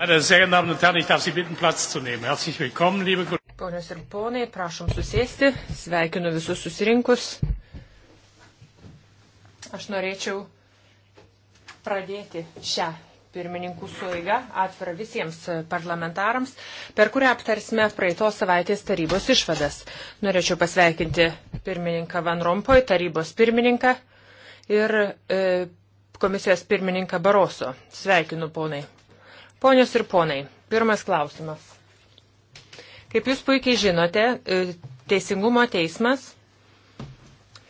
Meine sehr geehrten Damen und Herren, ich darf Sie bitten, Platz zu nehmen. Herzlich willkommen, liebe Kollegen. Ponios ir ponai, prašom susėsti. Sveikinu visus susirinkus. Aš norėčiau pradėti šią pirmininkų suiga atvira visiems parlamentarams, per kurią aptarsime praeitos savaitės tarybos išvadas. Norėčiau pasveikinti pirmininką Van Rompoj, tarybos pirmininką ir e, komisijos pirmininką Baroso. Sveikinu, ponai. Ponios ir ponai, pirmas klausimas. Kaip jūs puikiai žinote, e, Teisingumo teismas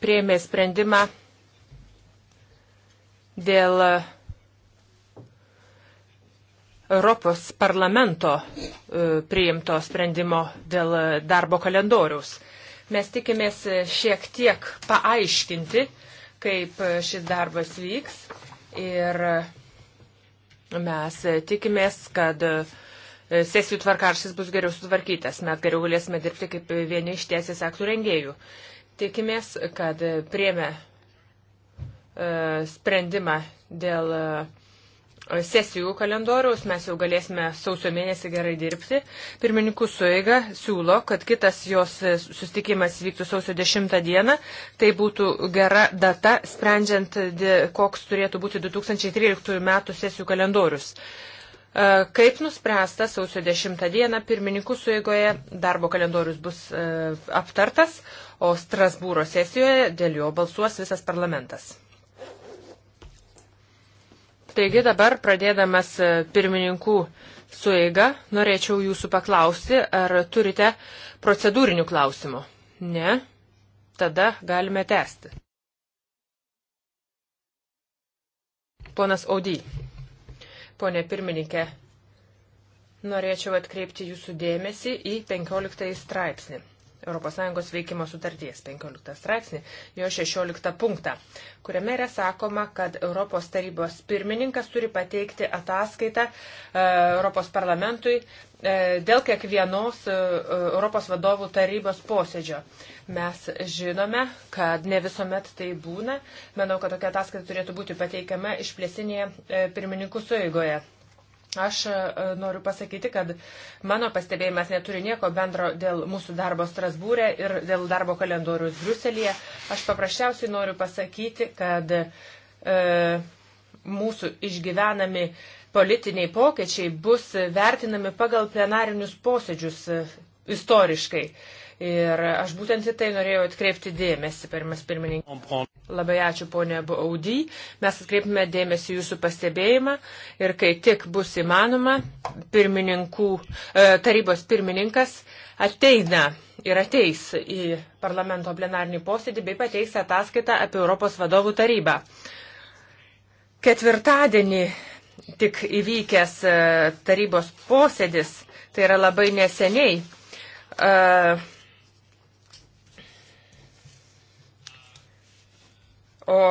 prieimė sprendimą dėl Europos parlamento e, priimto sprendimo dėl darbo kalendoriaus. Mes tikimės šiek tiek paaiškinti, kaip šis darbas vyks ir Mes e, tikimės, kad e, sesijų tvarkaršys bus geriau sutvarkytas, mes geriau galėsime dirbti kaip vieni iš tiesės aktų rengėjų. Tikimės, kad e, priemė sprendimą dėl sesijų kalendoriaus, mes jau galėsime sausio mėnesį gerai dirbti. Pirmininkų sueiga siūlo, kad kitas jos sustikimas vyktų sausio 10 dieną. Tai būtų gera data, sprendžiant, koks turėtų būti 2013 metų sesijų kalendorius. E, kaip nuspręsta sausio 10 dieną pirmininkų sueigoje darbo kalendorius bus e, aptartas, o Strasbūro sesijoje dėl jo balsuos visas parlamentas. Taigi dabar pradėdamas e, pirmininkų sueiga, norėčiau jūsų paklausti, ar turite procedūrinių klausimų. Ne? Tada galime tęsti. Ponas Audy, ponė pirmininkė, norėčiau atkreipti jūsų dėmesį į 15 straipsnį. ES veikimo sutarties 15 straipsnį, jo 16 punktą, kuriame yra sakoma, kad Europos tarybos pirmininkas turi pateikti ataskaitą e, Europos parlamentui e, dėl kiekvienos e, Europos vadovų tarybos posėdžio. Mes žinome, kad ne visuomet tai būna. Manau, kad tokia ataskaita turėtų būti pateikiama išplėsinėje pirmininkų sueigoje. Aš e, noriu pasakyti, kad mano pastebėjimas neturi nieko bendro dėl mūsų darbo Strasbūrė ir dėl darbo kalendorius Bruselėje. Aš paprasčiausiai noriu pasakyti, kad e, mūsų išgyvenami politiniai pokyčiai bus vertinami pagal plenarinius posėdžius e, istoriškai. E, Ir aš būtent į tai norėjau atkreipti dėmesį, pirmas pirmininkas. Labai ačiū ponė Baudy. Mes atkreipime dėmesį jūsų pastebėjimą ir kai tik bus įmanoma, pirmininkų, e, tarybos pirmininkas ateina ir ateis į parlamento plenarnį posėdį bei pateiks ataskaitą apie Europos vadovų tarybą. Ketvirtadienį tik įvykęs e, tarybos posėdis, tai yra labai neseniai. Uh, o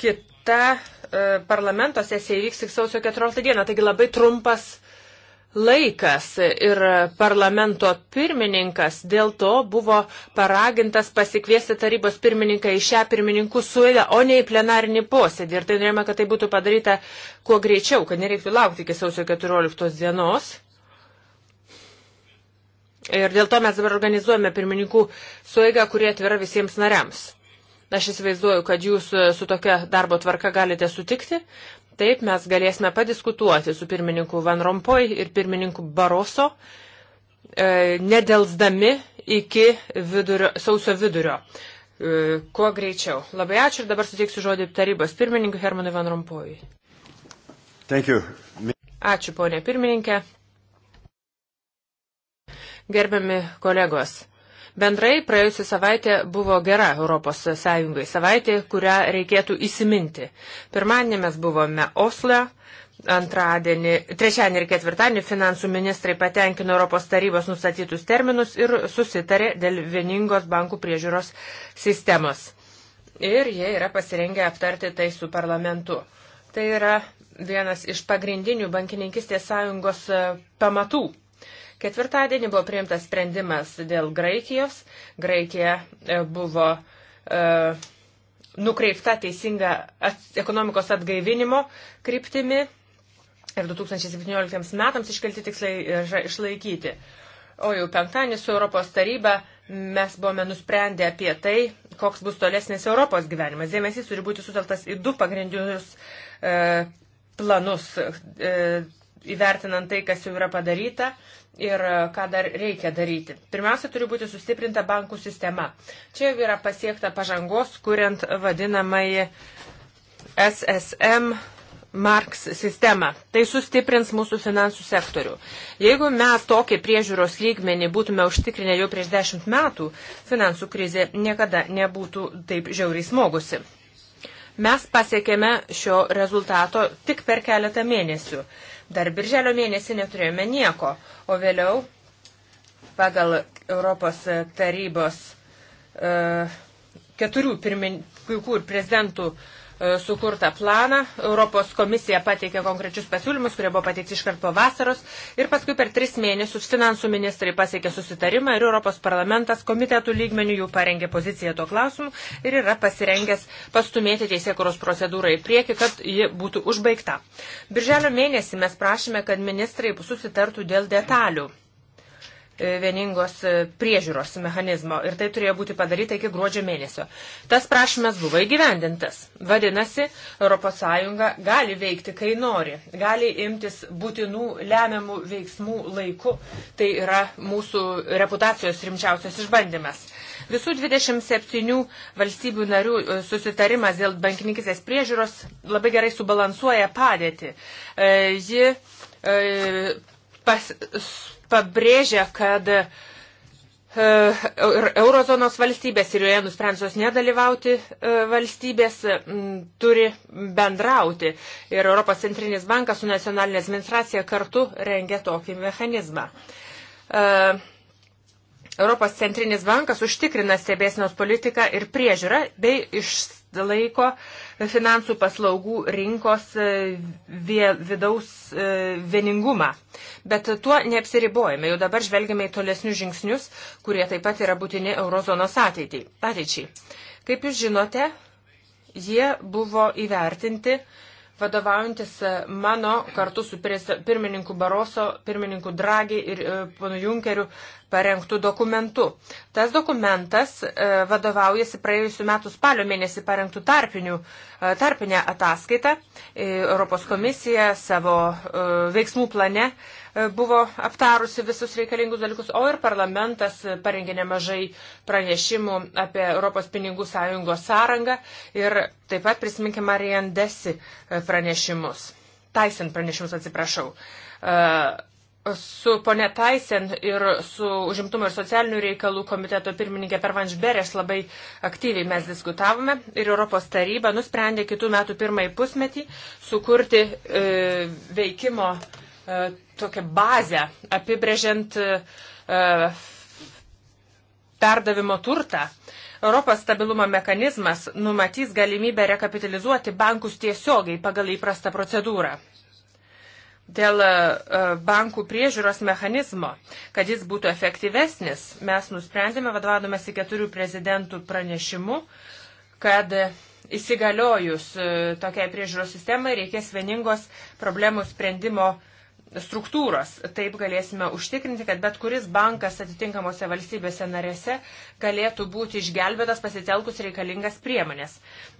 kita e, parlamento sesija įvyks tik sausio 14 dieną, taigi labai trumpas laikas ir parlamento pirmininkas dėl to buvo paragintas pasikviesti tarybos pirmininką į šią pirmininkų suėdę, o ne į plenarinį posėdį. Ir tai norėjome, kad tai būtų padaryta kuo greičiau, kad nereiktų laukti iki sausio 14 dienos. Ir dėl to mes dabar organizuojame pirmininkų suėgą, kurie atvira visiems nariams. Aš įsivaizduoju, kad jūs e, su tokia darbo tvarka galite sutikti. Taip, mes galėsime padiskutuoti su pirmininku Van Rompoj ir pirmininku Baroso, e, nedelsdami iki vidurio, sausio vidurio. E, kuo greičiau. Labai ačiū ir dabar suteiksiu žodį tarybos pirmininkui Hermanui Van Rompojui. Ačiū, ponė pirmininkė. Gerbiami kolegos. Bendrai praėjusią savaitę buvo gera Europos Sąjungai savaitė, kurią reikėtų įsiminti. Pirmadienį mes buvome Osle, antradienį, trečiadienį ir ketvirtadienį finansų ministrai patenkino Europos tarybos nustatytus terminus ir susitarė dėl vieningos bankų priežiūros sistemos. Ir jie yra pasirengę aptarti tai su parlamentu. Tai yra vienas iš pagrindinių bankininkistės sąjungos pamatų Ketvirtadienį buvo priimtas sprendimas dėl Graikijos. Graikija e, buvo e, nukreipta teisinga at, ekonomikos atgaivinimo kryptimi ir 2017 metams iškelti tikslai yra išlaikyti. O jau penktadienį su Europos taryba mes buvome nusprendę apie tai, koks bus tolesnis Europos gyvenimas. Dėmesys turi būti suteltas į du pagrindinius e, planus e, įvertinant tai, kas jau yra padaryta ir e, ką dar reikia daryti. Pirmiausia, turi būti sustiprinta bankų sistema. Čia jau yra pasiekta pažangos, kuriant vadinamąjį SSM Marks sistemą. Tai sustiprins mūsų finansų sektorių. Jeigu mes tokį priežiūros lygmenį būtume užtikrinę jau prieš dešimt metų, finansų krizė niekada nebūtų taip žiauriai smogusi. Mes pasiekėme šio rezultato tik per keletą mėnesių. Dar birželio mėnesį neturėjome nieko, o vėliau pagal Europos tarybos e, keturių pirmininkų ir prezidentų e, E, sukurtą planą. Europos komisija pateikė konkrečius pasiūlymus, kurie buvo pateikti iškart po vasaros. Ir paskui per tris mėnesius finansų ministrai pasiekė susitarimą ir Europos parlamentas komitetų lygmenių jų parengė poziciją tuo klausimu ir yra pasirengęs pastumėti teisėkuros procedūrą į priekį, kad ji būtų užbaigta. Birželio mėnesį mes prašėme, kad ministrai susitartų dėl detalių. E, vieningos e, priežiūros mechanizmo ir tai turėjo būti padaryta iki gruodžio mėnesio. Tas prašymas buvo įgyvendintas. Vadinasi, ES gali veikti, kai nori, gali imtis būtinų lemiamų veiksmų laiku. Tai yra mūsų reputacijos rimčiausias išbandymas. Visų 27 valstybių narių e, susitarimas dėl bankininkisės priežiūros labai gerai subalansuoja padėtį. E, ji e, pas, pabrėžia, kad e, e, Eurozonos valstybės ir joje nusprendusios nedalyvauti e, valstybės turi bendrauti. Ir Europos centrinis bankas su nacionalinė administracija kartu rengia tokį mechanizmą. Uh, Europos centrinis bankas užtikrina stebėsinos politiką ir priežiūrą bei išlaiko finansų paslaugų rinkos e, vie, vidaus e, vieningumą. Bet tuo neapsiribojame. Jau dabar žvelgiame į tolesnius žingsnius, kurie taip pat yra būtini eurozonos ateičiai. Kaip jūs žinote, jie buvo įvertinti uh, vadovaujantis e, mano kartu su pirmininku Baroso, pirmininku Dragi ir e, ponu Junkeriu parengtų dokumentų. Tas dokumentas e, vadovaujasi praėjusiu metu spalio mėnesį parengtų tarpinių, tarpinę ataskaitą. Europos komisija savo veiksmų plane buvo aptarusi visus reikalingus dalykus, o ir parlamentas parengė nemažai pranešimų apie Europos pinigų sąjungos sąrangą ir taip pat prisiminkė Marijan Desi e, pranešimus. Taisen pranešimus atsiprašau. E, su ponė Taisen ir su užimtumo ir socialinių reikalų komiteto pirmininkė Pervanš Berės labai aktyviai mes diskutavome ir Europos taryba nusprendė kitų metų pirmąjį pusmetį sukurti e, veikimo e, E, tokią bazę, apibrėžiant e, perdavimo turtą. Europos stabilumo mechanizmas numatys galimybę rekapitalizuoti bankus tiesiogiai pagal įprastą procedūrą. Dėl e, bankų priežiūros mechanizmo, kad jis būtų efektyvesnis, mes nusprendėme, vadovaudomasi keturių prezidentų pranešimu, kad įsigaliojus tokiai priežiūros sistemai reikės vieningos problemų sprendimo struktūros. Taip galėsime užtikrinti, kad bet kuris bankas atitinkamose valstybėse narėse galėtų būti išgelbėtas pasitelkus reikalingas priemonės.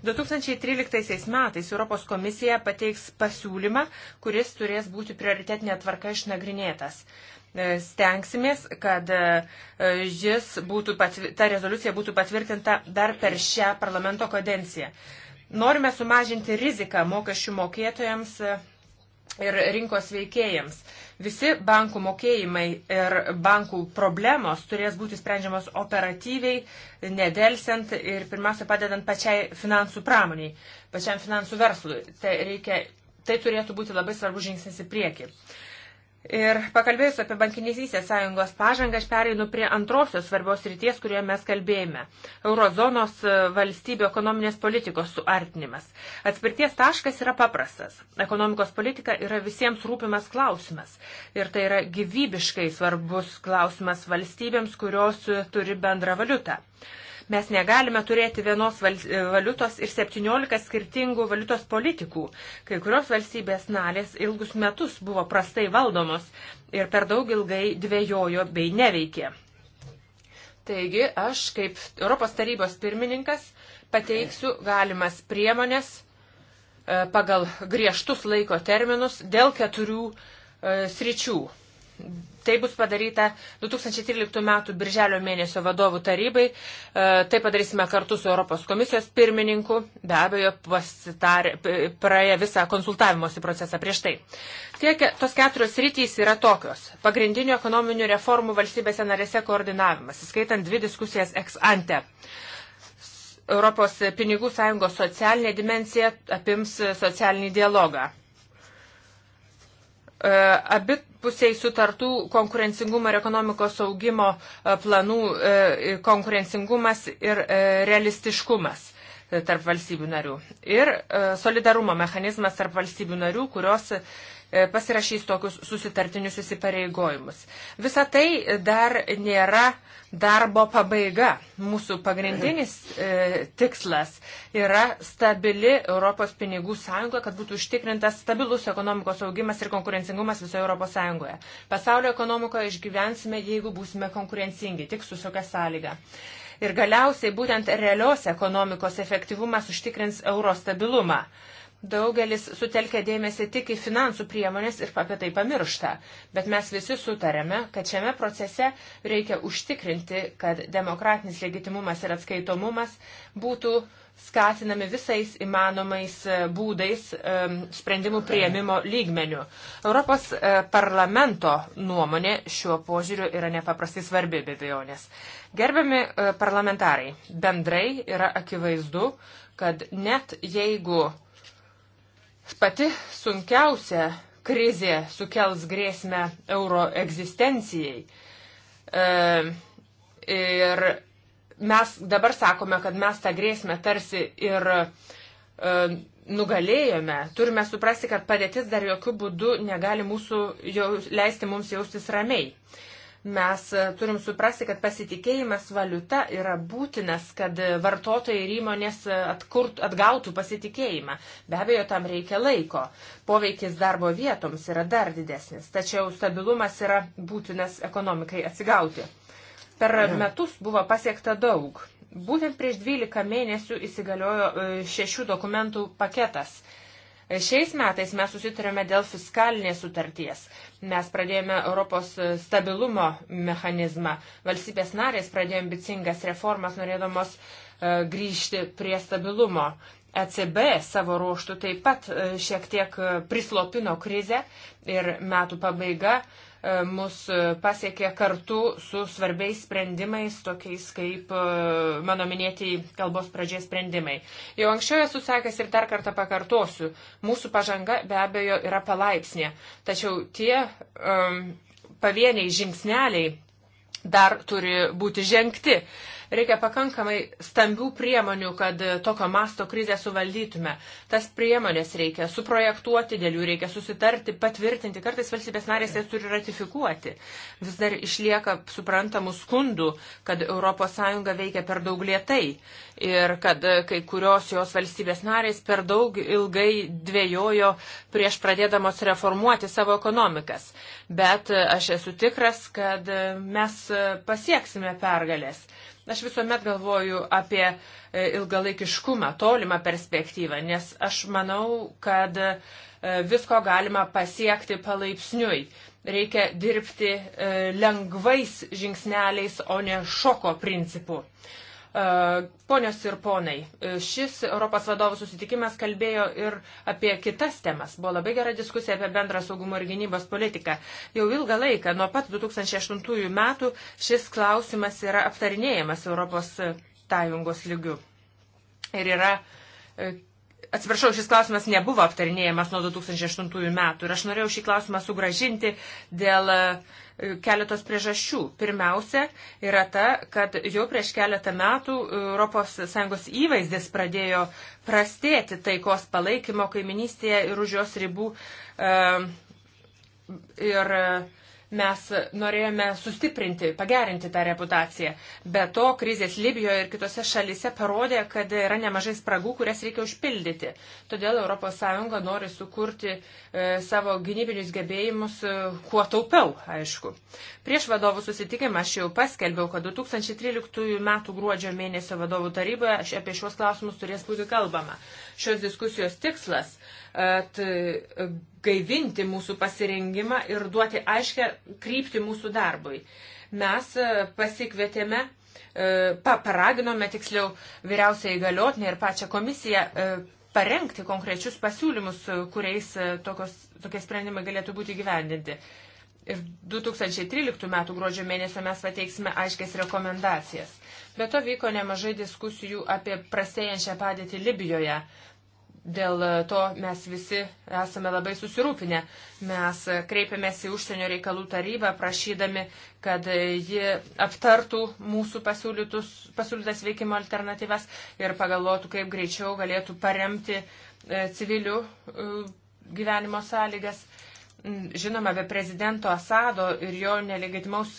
2013 metais Europos komisija pateiks pasiūlymą, kuris turės būti prioritetinė tvarka išnagrinėtas. E, stengsimės, kad e, jis būtų, ta rezoliucija būtų patvirtinta dar per šią parlamento kadenciją. Norime sumažinti riziką mokesčių mokėtojams e, ir rinkos veikėjams. Visi bankų mokėjimai ir bankų problemos turės būti sprendžiamos operatyviai, nedelsiant ir pirmiausia padedant pačiai finansų pramoniai, pačiam finansų verslui. Tai, reikia, tai turėtų būti labai svarbus žingsnis į priekį. Uh, Ir pakalbėjus apie bankininkystės sąjungos pažangą, aš pereinu prie antrosios svarbios ryties, kurioje mes kalbėjome - eurozonos valstybių ekonominės politikos suartinimas. Atspirties taškas yra paprastas. Ekonomikos politika yra visiems rūpimas klausimas. Ir tai yra gyvybiškai svarbus klausimas valstybėms, kurios turi bendrą valiutą. Mes negalime turėti vienos valiutos ir 17 skirtingų valiutos politikų. Kai kurios valstybės narės ilgus metus buvo prastai valdomos ir per daug ilgai dvėjojo bei neveikė. Taigi aš kaip Europos tarybos pirmininkas pateiksiu galimas priemonės e, pagal griežtus laiko terminus dėl keturių e, sričių Tai bus padaryta 2013 m. birželio mėnesio vadovų tarybai. E, tai padarysime kartu su Europos komisijos pirmininku, be abejo, pasitarė, praėję visą konsultavimosi procesą prieš tai. Tiek, tos keturios rytys yra tokios. Pagrindinių ekonominių reformų valstybėse narėse koordinavimas, įskaitant dvi diskusijas ex ante. Europos pinigų sąjungos socialinė dimensija apims socialinį dialogą. E, abi pusiai sutartų konkurencingumo ir ekonomikos augimo e, planų e, konkurencingumas ir e, realistiškumas tarp valstybių narių. Ir solidarumo mechanizmas tarp valstybių narių, kurios E, pasirašys tokius susitartinius įsipareigojimus. Visa tai dar nėra darbo pabaiga. Mūsų pagrindinis e, tikslas yra stabili Europos pinigų sąjunga, kad būtų užtikrintas stabilus ekonomikos augimas ir konkurencingumas visoje Europos sąjungoje. Pasaulio ekonomikoje išgyvensime, jeigu būsime konkurencingi, tik su tokia sąlyga. Ir galiausiai būtent realios ekonomikos efektyvumas užtikrins euro stabilumą. Daugelis sutelkia dėmesį tik į finansų priemonės ir apie tai pamiršta. Bet mes visi sutarėme, kad šiame procese reikia užtikrinti, kad demokratinis legitimumas ir atskaitomumas būtų skatinami visais įmanomais e, būdais e, sprendimų prieimimo lygmenių. Europos e, parlamento nuomonė šiuo požiūriu yra nepaprastai svarbi be abejonės. Gerbiami parlamentarai, bendrai yra akivaizdu, kad net jeigu pati sunkiausia krizė sukels grėsmę euro egzistencijai. E, ir mes dabar sakome, kad mes tą grėsmę tarsi ir e, nugalėjome. Turime suprasti, kad padėtis dar jokių būdų negali mūsų jau, leisti mums jaustis ramiai. E, Mes e, turim suprasti, kad pasitikėjimas valiuta yra būtinas, kad vartotojai ir įmonės e, atkurt, atgautų pasitikėjimą. Be abejo, tam reikia laiko. Poveikis darbo vietoms yra dar didesnis, tačiau stabilumas yra būtinas ekonomikai atsigauti. Per metus buvo pasiekta daug. Būtent prieš 12 mėnesių įsigaliojo e, šešių dokumentų paketas Šiais metais mes susitarėme dėl fiskalinės sutarties. Mes pradėjome Europos stabilumo mechanizmą. Valstybės narės pradėjo ambicingas reformas, norėdamos e, grįžti prie stabilumo. ECB savo ruoštų taip pat e, šiek tiek e, prislopino krizę ir metų pabaiga e, E, mus pasiekė kartu su svarbiais sprendimais, tokiais kaip e, mano minėti kalbos pradžiai sprendimai. Jau anksčiau esu sakęs ir dar kartą pakartosiu, mūsų pažanga be abejo yra palaipsnė, tačiau tie um, pavieniai žingsneliai dar turi būti žengti. Uh, Reikia pakankamai stambių priemonių, kad tokio masto krizę suvaldytume. Tas priemonės reikia suprojektuoti, dėl jų reikia susitarti, patvirtinti. Kartais valstybės narės jas turi ratifikuoti. Vis dar išlieka suprantamų skundų, kad ES veikia per daug lietai ir kad kai kurios jos valstybės narės per daug ilgai dvėjojo prieš pradėdamos reformuoti savo ekonomikas. Bet aš esu tikras, kad mes pasieksime pergalės. Aš visuomet galvoju apie e, ilgalaikiškumą, tolimą perspektyvą, nes aš manau, kad e, visko galima pasiekti palaipsniui. Reikia dirbti e, lengvais žingsneliais, o ne šoko principu. E, ponios ir ponai, e, šis Europos vadovų susitikimas kalbėjo ir apie kitas temas. Buvo labai gera diskusija apie bendrą saugumo ir gynybos politiką. Jau ilgą laiką, nuo pat 2008 metų, šis klausimas yra aptarinėjamas Europos sąjungos lygių. Ir yra, e, atsiprašau, šis klausimas nebuvo aptarinėjamas nuo 2008 metų. Ir aš norėjau šį klausimą sugražinti dėl uh, E, keletos priežasčių. Pirmiausia yra ta, kad jau prieš keletą metų ES įvaizdis pradėjo prastėti taikos palaikymo kaiminystėje ir už jos ribų. E, ir mes norėjome sustiprinti, pagerinti tą reputaciją. Be to, krizės Libijoje ir kitose šalise parodė, kad yra nemažai spragų, kurias reikia užpildyti. Todėl ES nori sukurti e, savo gynybinius gebėjimus e, kuo taupiau, aišku. Prieš vadovų susitikimą aš jau paskelbiau, kad 2013 m. gruodžio mėnesio vadovų taryboje apie šios klausimus turės būti kalbama. Šios diskusijos tikslas gaivinti mūsų pasirengimą ir duoti aiškę kryptį mūsų darbui. Mes e, pasikvietėme, e, paraginome tiksliau vyriausiai galiotinę ir pačią komisiją e, parengti konkrečius pasiūlymus, kuriais tokios, tokie sprendimai galėtų būti gyvendinti. Ir 2013 m. gruodžio mėnesio mes pateiksime aiškės rekomendacijas. Be to vyko nemažai diskusijų apie prasėjančią padėtį Libijoje. Dėl e, to mes visi esame labai susirūpinę. Mes e, kreipiamės į užsienio reikalų tarybą, prašydami, kad e, ji aptartų mūsų pasiūlytas veikimo alternatyvas ir pagalvotų, kaip greičiau galėtų paremti civilių gyvenimo sąlygas. Žinoma, be prezidento Asado ir jo nelegitimaus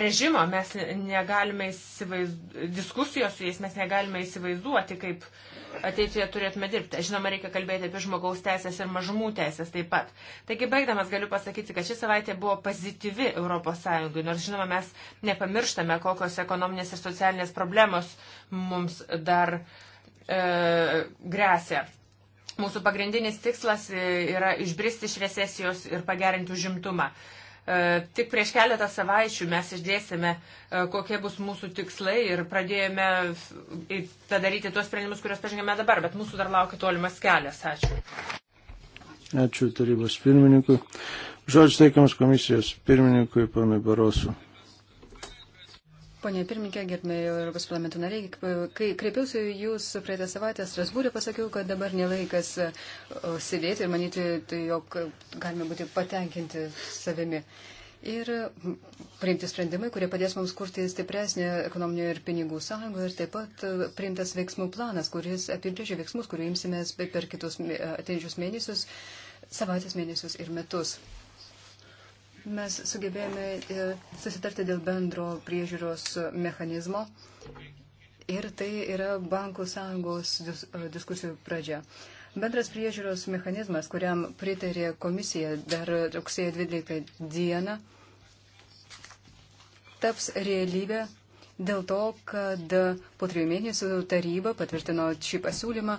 režimo mes negalime įsivaizduoti, diskusijos su jais mes negalime įsivaizduoti, kaip uh, ateityje turėtume dirbti. Žinoma, reikia kalbėti apie žmogaus teisės ir mažumų teisės taip pat. Taigi, baigdamas galiu pasakyti, kad ši savaitė buvo pozityvi ES, nors žinoma, mes nepamirštame, kokios ekonominės ir socialinės problemos mums dar e, grėsia. Mūsų pagrindinis tikslas e, yra išbristi iš recesijos ir pagerinti užimtumą. Už E, tik prieš keletą savaičių mes išdėsime, e, kokie bus mūsų tikslai ir pradėjome daryti tuos sprendimus, kuriuos pažengėme dabar, bet mūsų dar laukia tolimas kelias. Ačiū. Ačiū tarybos pirmininkui. Žodžiu teikiamas komisijos pirmininkui, panui Barosu. Pone pirmininkė, gerbėjai Europos parlamento nariai, kai kreipiausi jūs praeitą savaitę Strasbūrį, pasakiau, kad dabar nelaikas e, sėdėti ir manyti, tai jog galime būti patenkinti savimi. Ir priimti sprendimai, kurie padės mums kurti stipresnį ekonominio ir pinigų sąjungą ir taip pat e, priimtas veiksmų planas, kuris apibrėžia veiksmus, kurių imsimės per kitus ateinančius mėnesius, savaitės mėnesius ir metus mes sugebėjome e, susitarti dėl bendro priežiūros mechanizmo. Ir tai yra bankų sąjungos dis, e, diskusijų pradžia. Bendras priežiūros mechanizmas, kuriam pritarė komisija dar rugsėjo 12 dieną, taps realybė dėl to, kad po trijų mėnesių taryba patvirtino šį pasiūlymą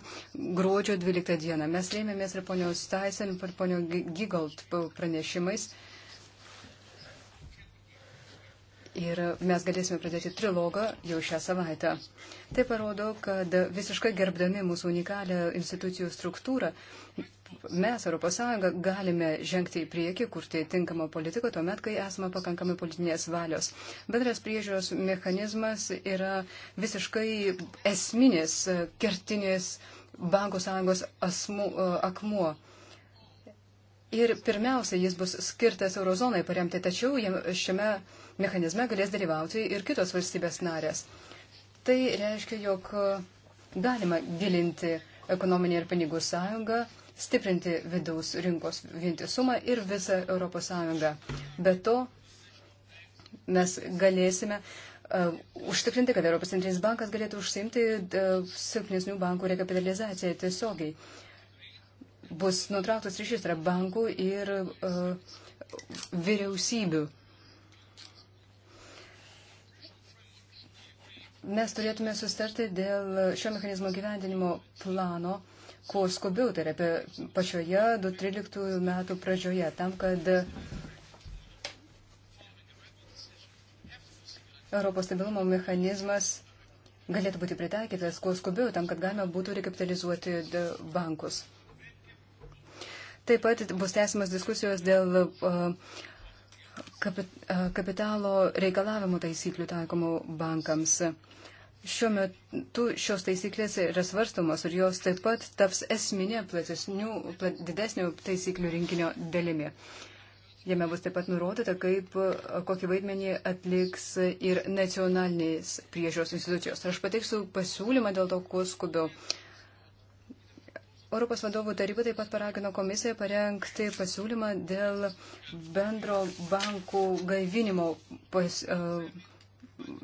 gruodžio 12 dieną. Mes rėmėmės ir ponios Tyson, ir ponios Gigalt pranešimais. Uh, Ir mes galėsime pradėti trilogą jau šią savaitę. Tai parodo, kad visiškai gerbdami mūsų unikalią institucijų struktūrą, mes, ES, galime žengti į priekį, kurti tinkamą politiką tuomet, kai esame pakankamai politinės valios. Bendras priežiūros mechanizmas yra visiškai esminis, kertinis bankų sąjungos asmu, akmuo. Ir pirmiausia, jis bus skirtas eurozonai paremti, tačiau šiame mechanizme galės dalyvauti ir kitos valstybės narės. Tai reiškia, jog e, galima gilinti ekonominį ir pinigų sąjungą, stiprinti vidaus rinkos vientisumą ir visą Europos sąjungą. Be to, mes galėsime uh, užtikrinti, kad Europos centrinis bankas galėtų užsimti uh, e, silpnesnių bankų rekapitalizaciją tiesiogiai. Bus nutrauktas ryšys tarp bankų ir uh, vyriausybių. mes turėtume sustarti dėl šio mechanizmo gyvendinimo plano, kuo skubiau, tai yra apie pačioje 2013 metų pradžioje, tam, kad Europos stabilumo mechanizmas galėtų būti pritaikytas, kuo skubiau, tam, kad galima būtų rekapitalizuoti bankus. Taip pat bus tęsimas diskusijos dėl uh, kapitalo reikalavimų taisyklių taikomų bankams. Šiuo metu šios taisyklės yra svarstomos ir jos taip pat taps esminė plat, didesnio taisyklių rinkinio dalimi. Jame bus taip pat nurodyta, kaip, kokį vaidmenį atliks ir nacionalinės priežios institucijos. Aš pateiksiu pasiūlymą dėl to, kuo skubiau. Europos vadovų taryba taip pat paragino komisiją parengti pasiūlymą dėl bendro bankų gaivinimo pas, uh,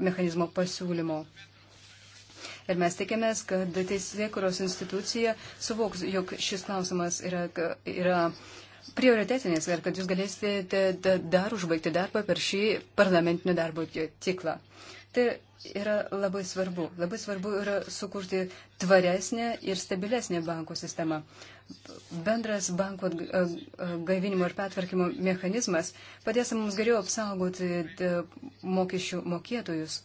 mechanizmo pasiūlymo. Ir mes tikėmės, kad teisėkuros institucija suvoks, jog šis klausimas yra, yra prioritetinis ir kad jūs galėsite dar užbaigti darbą per šį parlamentinio darbo ciklą. Uh, Tai yra labai svarbu. Labai svarbu yra sukurti tvaresnę ir stabilesnę bankų sistemą. Bendras bankų gaivinimo ir pertvarkymo mechanizmas padės mums geriau apsaugoti e, mokesčių mokėtojus.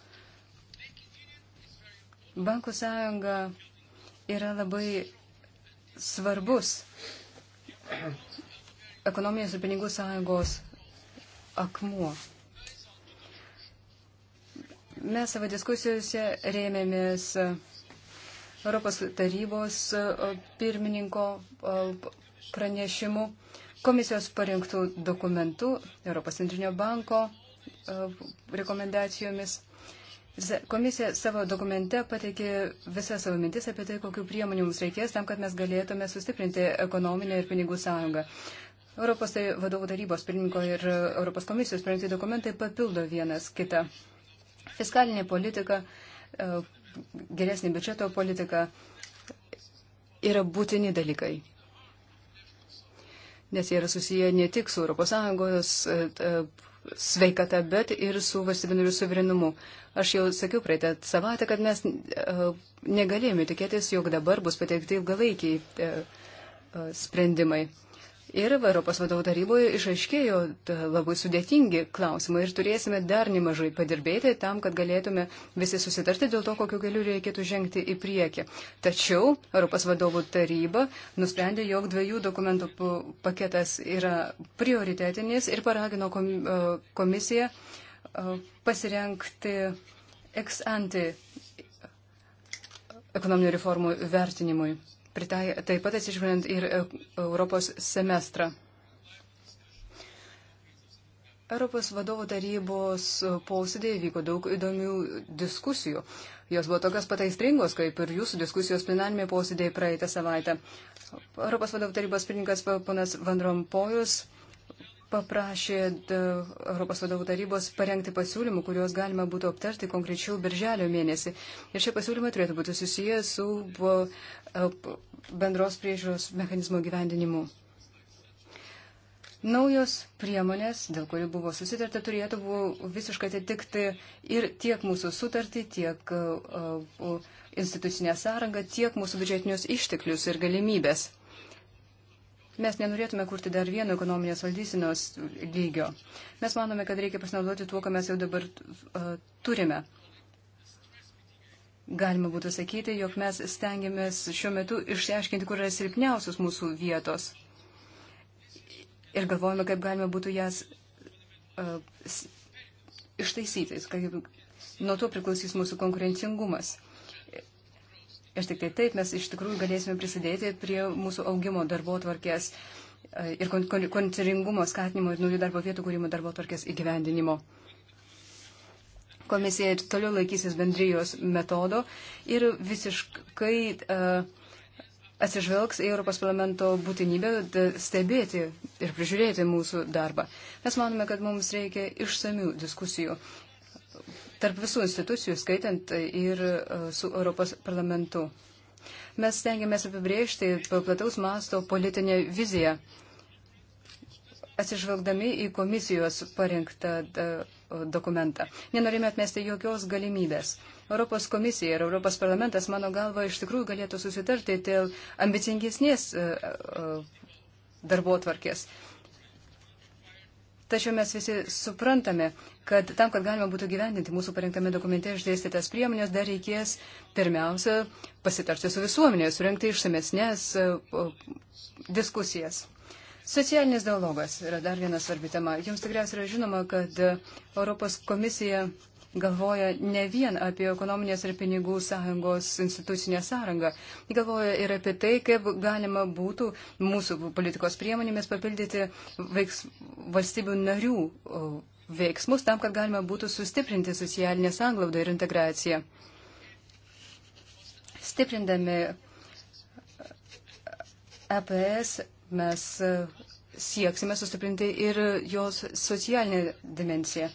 Bankų sąjunga yra labai svarbus ekonominės ir pinigų sąjungos akmuo. Mes savo diskusijose rėmėmės Europos tarybos e, pirmininko e, pranešimu, komisijos parengtų dokumentų, Europos centrinio banko e, rekomendacijomis. Komisija savo dokumente pateikė visą savo mintis apie tai, kokiu priemonių mums reikės tam, kad mes galėtume sustiprinti ekonominę ir pinigų sąjungą. Europos tai vadovų tarybos pirmininko ir Europos komisijos parengti dokumentai papildo vienas kitą. Fiskalinė politika, e, geresnė biudžeto politika yra būtini dalykai. Nes jie yra susiję ne tik su ES e, e, sveikata, bet ir su valstybinariu suverenumu. Aš jau sakiau praeitą savaitę, kad mes negalėjome tikėtis, jog dabar bus pateikti ilgalaikiai sprendimai. Ir Europos vadovų taryboje išaiškėjo labai sudėtingi klausimai ir turėsime dar nemažai padirbėti tam, kad galėtume visi susitarti dėl to, kokiu keliu reikėtų žengti į priekį. Tačiau Europos vadovų taryba nusprendė, jog dviejų dokumentų paketas yra prioritetinis ir paragino e, komisiją e, pasirenkti ex ante ekonominių reformų vertinimui pritai, taip pat atsižvelgiant ir e, Europos semestrą. Europos vadovų tarybos posėdėje vyko daug įdomių diskusijų. Jos buvo tokios pataistringos, kaip ir jūsų diskusijos plenarinėme posėdėje praeitą savaitę. Europos vadovų tarybos pirmininkas ponas Vandrompojus paprašė e, Europos vadovų tarybos parengti pasiūlymų, kuriuos galima būtų aptarti konkrečiau birželio mėnesį. Ir šie pasiūlymai turėtų būti susiję su e, e, bendros priežiūros mechanizmo gyvendinimu. Naujos priemonės, dėl kurių buvo susitarta, turėtų buvo visiškai atitikti ir tiek mūsų sutartį, tiek uh, institucinę sąrangą, tiek mūsų biudžetinius išteklius ir galimybės. Mes nenorėtume kurti dar vieno ekonominės valdysinos lygio. Mes manome, kad reikia pasinaudoti tuo, ką mes jau dabar uh, turime. Galima būtų sakyti, jog mes stengiamės šiuo metu išsiaiškinti, kur yra silpniausios mūsų vietos. Ir galvojame, kaip galima būtų jas uh, ištaisyti. Nuo to priklausys mūsų konkurencingumas. Uh, Ir tik tai taip mes iš tikrųjų galėsime prisidėti prie mūsų augimo darbo tvarkės e, ir konkurencingumo skatinimo ir naujų darbo vietų kūrimo darbo tvarkės įgyvendinimo. Komisija ir toliau laikysis bendrijos metodo ir visiškai uh, atsižvelgs į Europos parlamento būtinybę stebėti ir prižiūrėti mūsų darbą. Mes manome, kad mums reikia išsamių diskusijų tarp visų institucijų, skaitant ir e, su Europos parlamentu. Mes stengiamės apibriežti plataus masto politinę viziją, atsižvelgdami į komisijos parengtą e, dokumentą. Nenorime atmesti jokios galimybės. Europos komisija ir Europos parlamentas, mano galva, iš tikrųjų galėtų susitarti dėl ambicingesnės e, darbo tvarkės. Uh, uh, Tačiau mes visi suprantame, kad tam, kad galima būtų gyvendinti mūsų parengtame dokumente išdėstytas priemonės, dar reikės pirmiausia pasitarti su visuomenė, surenkti išsamesnės e, diskusijas. Socialinis dialogas yra dar viena svarbi tema. Jums tikriausiai yra žinoma, kad Europos komisija galvoja ne vien apie ekonominės ir pinigų sąjungos institucinę sąrangą, galvoja ir apie tai, kaip galima būtų mūsų politikos priemonėmis papildyti veiks, valstybių narių veiksmus tam, kad galima būtų sustiprinti socialinę sąnglaudą ir integraciją. Stiprindami EPS mes sieksime sustiprinti ir jos socialinę dimenciją.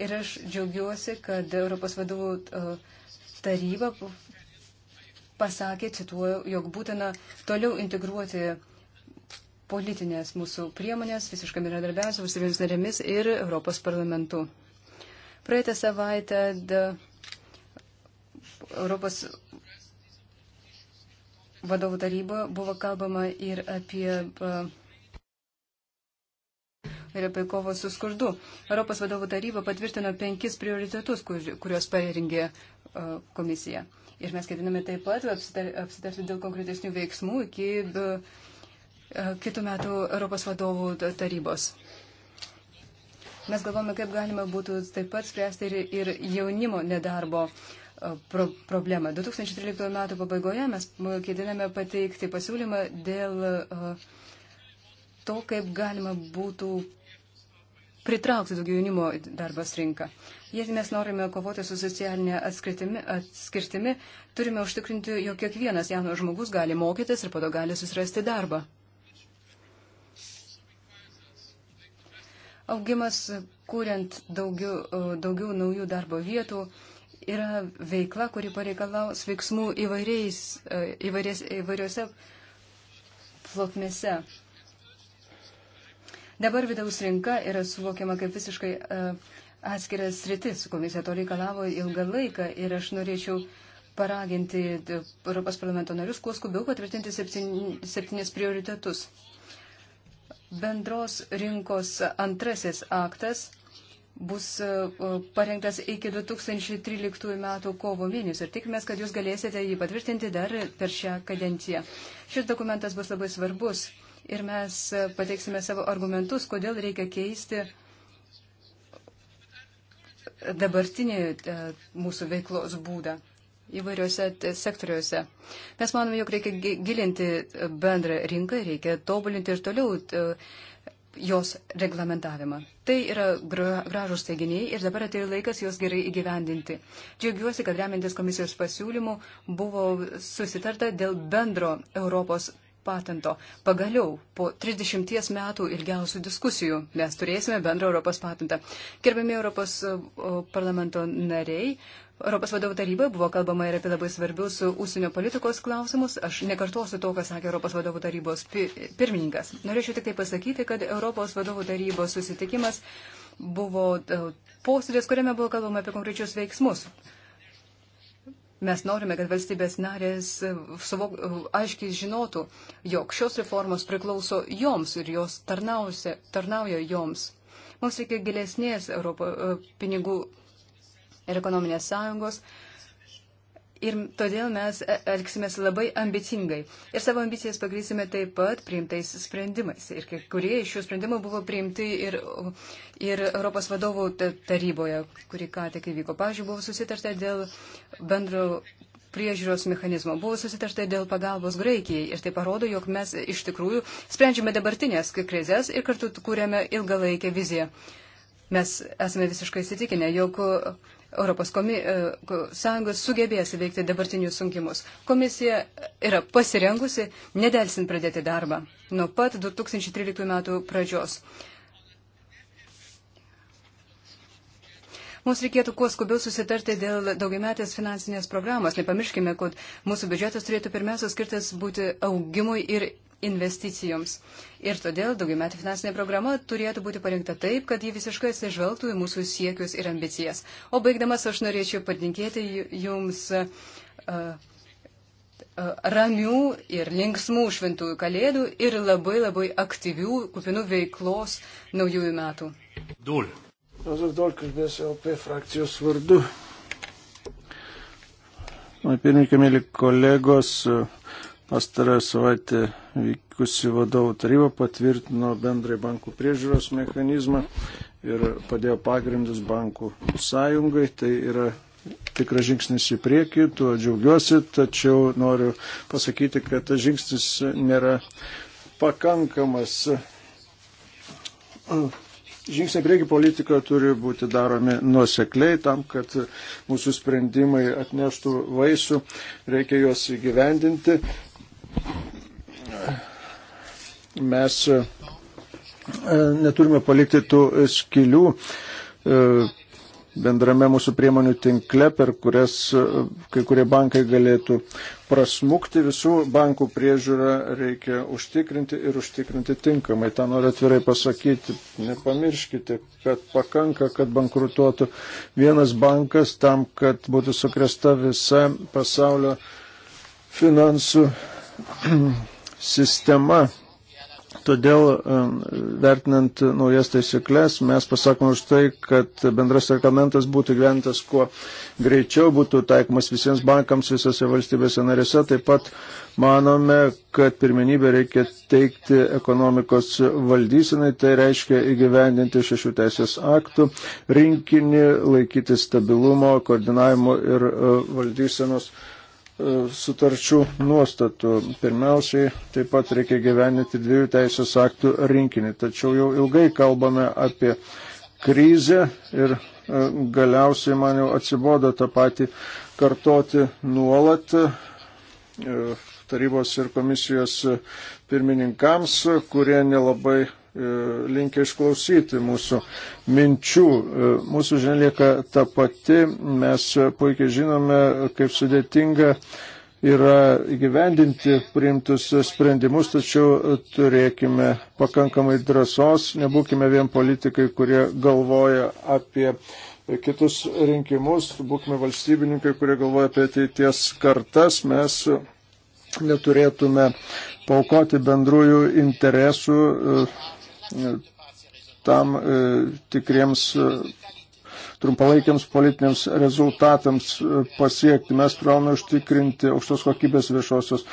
Ir aš džiaugiuosi, kad Europos vadovų e, taryba pasakė, cituoju, jog būtina toliau integruoti politinės mūsų priemonės visiškam yra darbiausia valstybėms narėmis ir Europos parlamentu. Praeitą savaitę Europos vadovų taryba buvo kalbama ir apie ir apie kovą su skurdu. Europos vadovų taryba patvirtino penkis prioritetus, kuriuos parengė e, komisija. Ir mes ketiname taip pat apsitarti dėl konkretesnių veiksmų iki e, e, kitų metų Europos vadovų tarybos. Mes galvome, kaip galima būtų taip pat spręsti ir, ir jaunimo nedarbo pro, problemą. 2013 metų pabaigoje mes ketiname pateikti pasiūlymą dėl to, kaip galima būtų pritraukti daugiau jaunimo į darbos rinką. Jei mes norime kovoti su socialinė atskirtimi, turime užtikrinti, jog kiekvienas jaunas žmogus gali mokytis ir po to gali susirasti darbą. Augimas, kuriant daugiau, daugiau naujų darbo vietų, yra veikla, kuri pareikalaus veiksmų įvairiais, įvairiais, įvairiose plotmėse. Dabar vidaus rinka yra suvokiama kaip visiškai e, atskiras sritis. Komisija to reikalavo ilgą laiką ir aš norėčiau paraginti e, Europos parlamento narius kuo skubiau patvirtinti septynis prioritetus. Bendros rinkos antrasis aktas bus e, parengtas iki 2013 metų kovo mėnesio ir tikimės, kad jūs galėsite jį patvirtinti dar per šią kadenciją. Šis dokumentas bus labai svarbus ir mes pateiksime savo argumentus, kodėl reikia keisti dabartinį e, mūsų veiklos būdą įvairiuose sektoriuose. Mes manome, jog reikia gilinti bendrą rinką, reikia tobulinti ir toliau e, jos reglamentavimą. Tai yra gražus teiginiai ir dabar atėjo laikas juos gerai įgyvendinti. Džiaugiuosi, kad remiantis komisijos pasiūlymų buvo susitarta dėl bendro Europos patento. Pagaliau, po 30 metų ilgiausių diskusijų mes turėsime bendrą Europos patentą. Gerbėmi Europos e, parlamento nariai, Europos vadovų taryboje buvo kalbama ir apie labai svarbius užsienio politikos klausimus. Aš nekartosiu to, ką sakė Europos vadovų tarybos pirmininkas. Norėčiau tik tai pasakyti, kad Europos vadovų tarybos susitikimas buvo e, posėdis, kuriame buvo kalbama apie konkrečius veiksmus Mes norime, kad valstybės narės uh, suvok, uh, aiškiai žinotų, jog šios reformos priklauso joms ir jos tarnausia, tarnauja joms. Mums reikia gilesnės Europo, uh, pinigų ir ekonominės sąjungos, Ir todėl mes e, elgsimės labai ambicingai. Ir savo ambicijas pagrysime taip pat priimtais sprendimais. Ir kai kurie iš šių sprendimų buvo priimti ir, ir Europos vadovų taryboje, kuri ką tik įvyko. Pavyzdžiui, buvo susitarta dėl bendro priežiūros mechanizmo. Buvo susitarta dėl pagalbos Graikijai ir tai parodo, jog mes iš tikrųjų sprendžiame dabartinės krizės ir kartu kūrėme ilgalaikę viziją. Mes esame visiškai įsitikinę, jog Europos komi, e, Sąjungos sugebės įveikti dabartinius sunkimus. Komisija yra pasirengusi nedelsint pradėti darbą nuo pat 2013 metų pradžios. Mums reikėtų kuo skubiau susitarti dėl daugiametės finansinės programos. Nepamirškime, kad mūsų biudžetas turėtų pirmiausia skirtas būti augimui ir investicijoms. Ir todėl daugiametė finansinė programa turėtų būti parinkta taip, kad ji visiškai atsižvelgtų į mūsų siekius ir ambicijas. O baigdamas aš norėčiau padinkėti jums uh, uh, ramių ir linksmų šventųjų kalėdų ir labai labai aktyvių, kupinų veiklos naujųjų metų. Dul. Jozef Dol kalbės LP frakcijos vardu. Pirmininkė, mėly kolegos, uh, Pastarą savaitę vykusi vadovų taryba patvirtino bendrai bankų priežiūros mechanizmą ir padėjo pagrindus bankų sąjungai. Tai yra tikras žingsnis į priekį, tuo džiaugiuosi, tačiau noriu pasakyti, kad tas žingsnis nėra pakankamas. Žingsniai prieki politikoje turi būti daromi nuosekliai tam, kad mūsų sprendimai atneštų vaisių, reikia juos įgyvendinti. Mes e, e, neturime palikti tų skilių e, bendrame mūsų priemonių tinkle, per kurias kai kurie bankai galėtų prasmukti. Visų bankų priežiūrą reikia užtikrinti ir užtikrinti tinkamai. Ta noriu atvirai pasakyti. Nepamirškite, kad pakanka, kad bankrutuotų vienas bankas tam, kad būtų sukresta visa pasaulio finansų sistema. Todėl, vertinant naujas taisyklės, mes pasakome už tai, kad bendras reglamentas būtų gyventas kuo greičiau, būtų taikomas visiems bankams visose valstybėse narėse. Taip pat manome, kad pirmenybę reikia teikti ekonomikos valdysenai, tai reiškia įgyvendinti šešių teisės aktų rinkinį, laikyti stabilumo, koordinavimo ir e, valdysenos. Uh, E, sutarčių nuostatų. Pirmiausiai taip pat reikia gyveninti dviejų teisės aktų rinkinį. Tačiau jau ilgai kalbame apie krizę ir e, galiausiai man jau atsibodo tą patį kartoti nuolat e, tarybos ir komisijos pirmininkams, kurie nelabai E, linkia išklausyti mūsų minčių. E, mūsų žinia lieka ta pati, mes puikiai žinome, kaip sudėtinga yra gyvendinti priimtus sprendimus, tačiau turėkime pakankamai drąsos, nebūkime vien politikai, kurie galvoja apie kitus rinkimus, būkime valstybininkai, kurie galvoja apie ateities kartas, mes neturėtume paukoti bendrųjų interesų tam e, tikriems e, trumpalaikiams politiniams rezultatams e, pasiekti. Mes privalome užtikrinti aukštos kokybės viešosios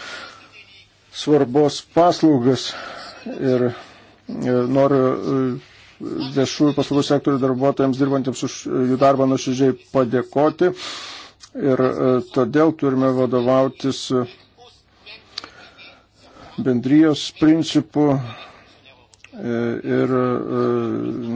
svarbos paslaugas ir noriu viešųjų paslaugų sektorių darbuotojams dirbantiems už jų darbą nuoširdžiai padėkoti ir todėl turime vadovautis bendrijos principu E, ir e,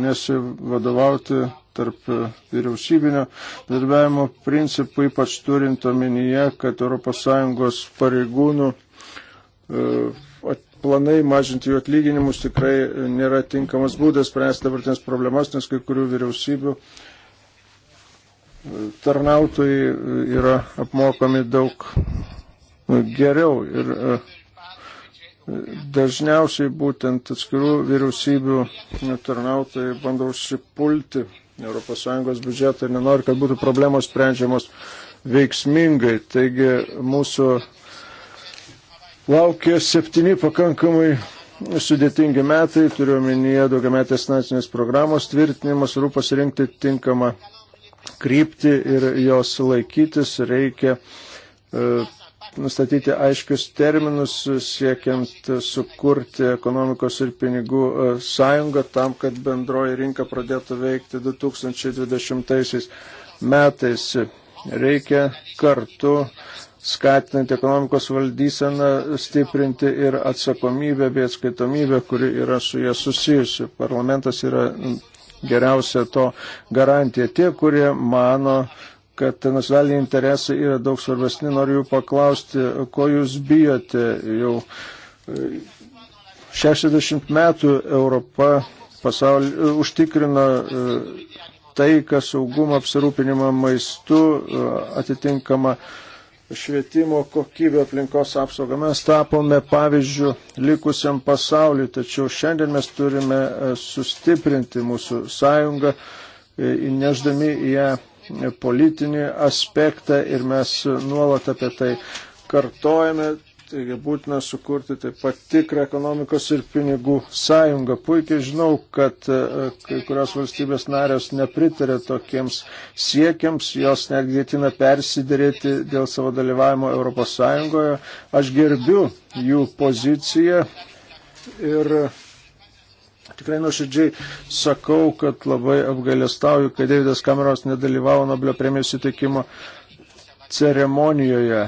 nesivadovauti tarp vyriausybinio darbiavimo principų, ypač turint omenyje, kad ES pareigūnų e, planai mažinti jų atlyginimus tikrai nėra tinkamas būdas spręsti dabartinės problemas, nes kai kurių vyriausybių tarnautojai yra apmokami daug geriau. Ir dažniausiai būtent atskirų vyriausybių tarnautojai bando užsipulti ES biudžetą ir nenori, kad būtų problemos sprendžiamos veiksmingai. Taigi mūsų laukia septyni pakankamai sudėtingi metai, turiu omenyje daugiametės nacinės programos tvirtinimas, rūp pasirinkti tinkamą kryptį ir jos laikytis reikia e, nustatyti aiškius terminus, siekiant sukurti ekonomikos ir pinigų e, sąjungą tam, kad bendroji rinka pradėtų veikti 2020 metais. Reikia kartu skatinant ekonomikos valdyseną, stiprinti ir atsakomybę bei atskaitomybę, kuri yra su jie susijusi. Parlamentas yra geriausia to garantija. Tie, kurie mano, kad nacionaliniai interesai yra daug svarbesni, noriu jų paklausti, ko jūs bijote. Jau 60 e, metų Europa pasaulį, e, užtikrina e, taiką, saugumą, apsirūpinimą maistu, atitinkamą švietimo kokybę, aplinkos apsaugą. Mes tapome pavyzdžių likusiam pasauliu, tačiau šiandien mes turime sustiprinti mūsų sąjungą, įneždami į ją politinį aspektą ir mes nuolat apie tai kartojame. Taigi būtina sukurti taip pat tikrą ekonomikos ir pinigų sąjungą. Puikiai žinau, kad e, kai kurios valstybės narės nepritarė tokiems siekiams, jos netgi ketina persidėrėti dėl savo dalyvavimo Europos Sąjungoje. Aš gerbiu jų poziciją ir tikrai nuoširdžiai sakau, kad labai apgailestauju, kad Davidas Kameros nedalyvavo Nobelio premijos suteikimo ceremonijoje.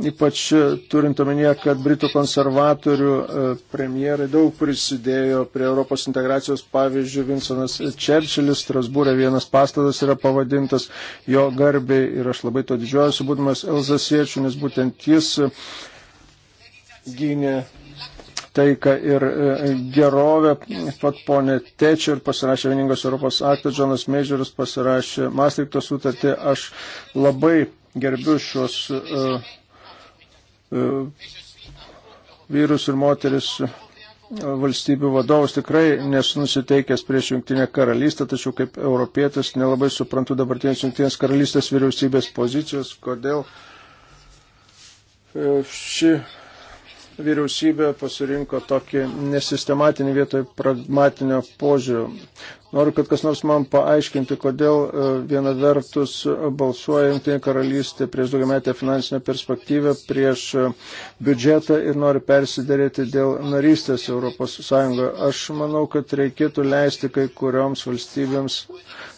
Ypač e, turint omenyje, kad Britų konservatorių e, premjerai daug prisidėjo prie Europos integracijos. Pavyzdžiui, Vinsonas Čerčilis, Strasbūrė vienas pastatas yra pavadintas jo garbiai ir aš labai to didžiuojuosi, būdamas Elzasiečių, nes būtent jis gynė taiką ir e, gerovę, pat ponė Tečer pasirašė vieningos Europos aktą, Džonas Mežeris pasirašė Mastrikto sutartį. Aš labai gerbiu šios uh, uh, vyrus ir moteris valstybių vadovus tikrai nesu nusiteikęs prieš Junktinę karalystę, tačiau kaip europietis nelabai suprantu dabartinės Junktinės karalystės vyriausybės pozicijos, kodėl ši vyriausybė pasirinko tokį nesistematinį vietoj pragmatinio požiūrio. Noriu, kad kas nors man paaiškinti, kodėl e, viena vertus balsuoja Junktinė karalystė prieš daugiametę finansinę perspektyvę, prieš e, biudžetą ir nori persidėrėti dėl narystės ES. Aš manau, kad reikėtų leisti kai kurioms valstybėms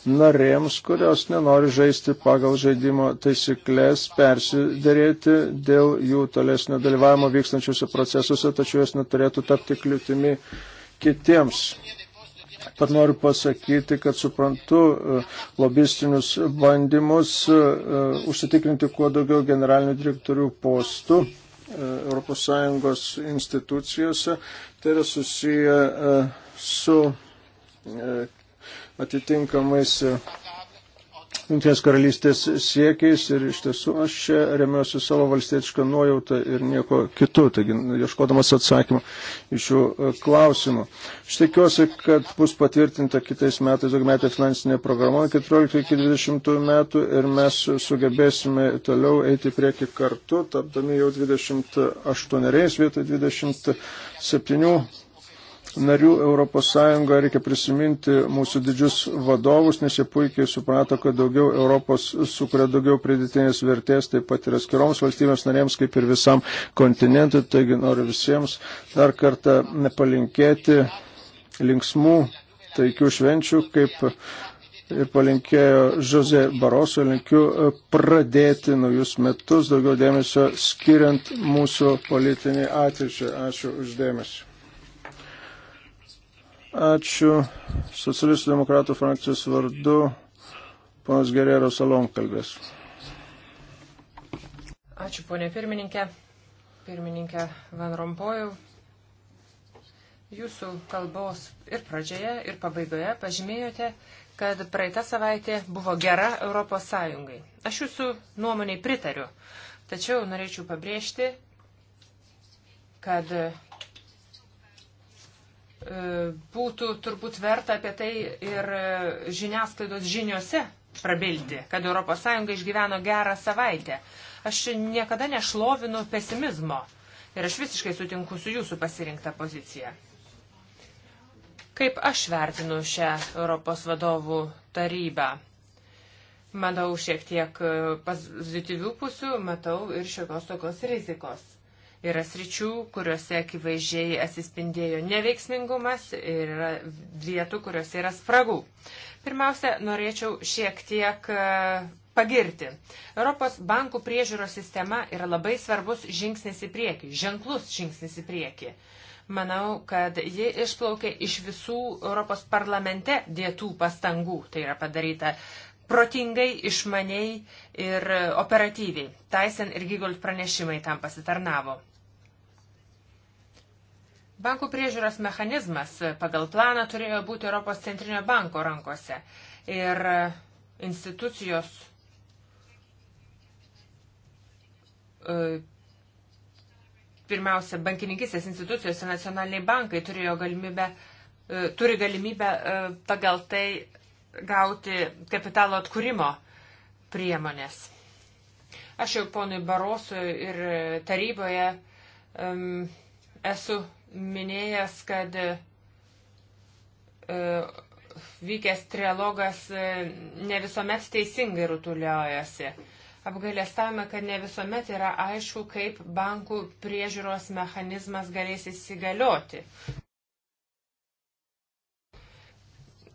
narėms, kurios nenori žaisti pagal žaidimo taisyklės, persidėrėti dėl jų tolesnio dalyvavimo vykstančiuose procesuose, tačiau jos neturėtų tapti kliūtimi kitiems. Pat noriu pasakyti, kad suprantu e, lobistinius bandymus e, e, užsitikrinti kuo daugiau generalinių direktorių postų ES institucijose. Tai yra susiję su atitinkamais Junktinės karalystės siekiais ir iš tiesų aš čia remiuosi savo valstietišką nuojautą ir nieko kitų, taigi nu, ieškodamas atsakymų iš šių e, klausimų. Aš tikiuosi, kad bus patvirtinta kitais metais daugmetė finansinė programa 14-20 metų ir mes sugebėsime toliau eiti prieki kartu, tapdami jau 28 vietoj 27 narių ES reikia prisiminti mūsų didžius vadovus, nes jie puikiai suprato, kad daugiau Europos sukuria daugiau pridėtinės vertės, taip pat ir atskiroms valstybėms narėms, kaip ir visam kontinentui. Taigi noriu visiems dar kartą palinkėti linksmų taikių švenčių, kaip ir palinkėjo Žozė Baroso, linkiu pradėti naujus metus daugiau dėmesio skiriant mūsų politinį ateičiai. Ačiū uždėmesį. Ačiū. Socialistų demokratų frakcijos vardu ponas Gerero Salom kalbės. Ačiū, ponė pirmininkė. Pirmininkė Van Rompojų. Jūsų kalbos ir pradžioje, ir pabaigoje pažymėjote, kad praeitą savaitę buvo gera Europos Sąjungai. Aš jūsų nuomoniai pritariu, tačiau norėčiau pabrėžti, kad E, būtų turbūt verta apie tai ir e, žiniasklaidos žiniuose prabilti, kad ES išgyveno gerą savaitę. Aš niekada nešlovinu pesimizmo ir aš visiškai sutinku su jūsų pasirinktą poziciją. Kaip aš vertinu šią Europos vadovų tarybą? Manau, šiek tiek e, pozityvių pusių, matau ir šiokios tokios rizikos. Yra sričių, kuriuose akivaizdžiai atsispindėjo neveiksmingumas ir yra vietų, kuriuose yra spragų. Pirmiausia, norėčiau šiek tiek e, pagirti. Europos bankų priežiūros sistema yra labai svarbus žingsnis į priekį, ženklus žingsnis į priekį. Manau, kad ji išplaukė iš visų Europos parlamente dėtų pastangų. Tai yra padaryta protingai, išmaniai ir operatyviai. Tyson ir Gigold pranešimai tam pasitarnavo. Bankų priežiūros mechanizmas pagal planą turėjo būti Europos centrinio banko rankose ir institucijos e, pirmiausia, bankininkistės institucijos ir nacionaliniai bankai turėjo galimybę, e, turi galimybę e, pagal tai gauti kapitalo atkūrimo priemonės. Aš jau ponui Barosui ir taryboje um, esu minėjęs, kad e, vykęs trialogas e, ne visuomet teisingai rutuliojasi. Apgailėstavome, kad ne visuomet yra aišku, kaip bankų priežiūros mechanizmas galės įsigalioti.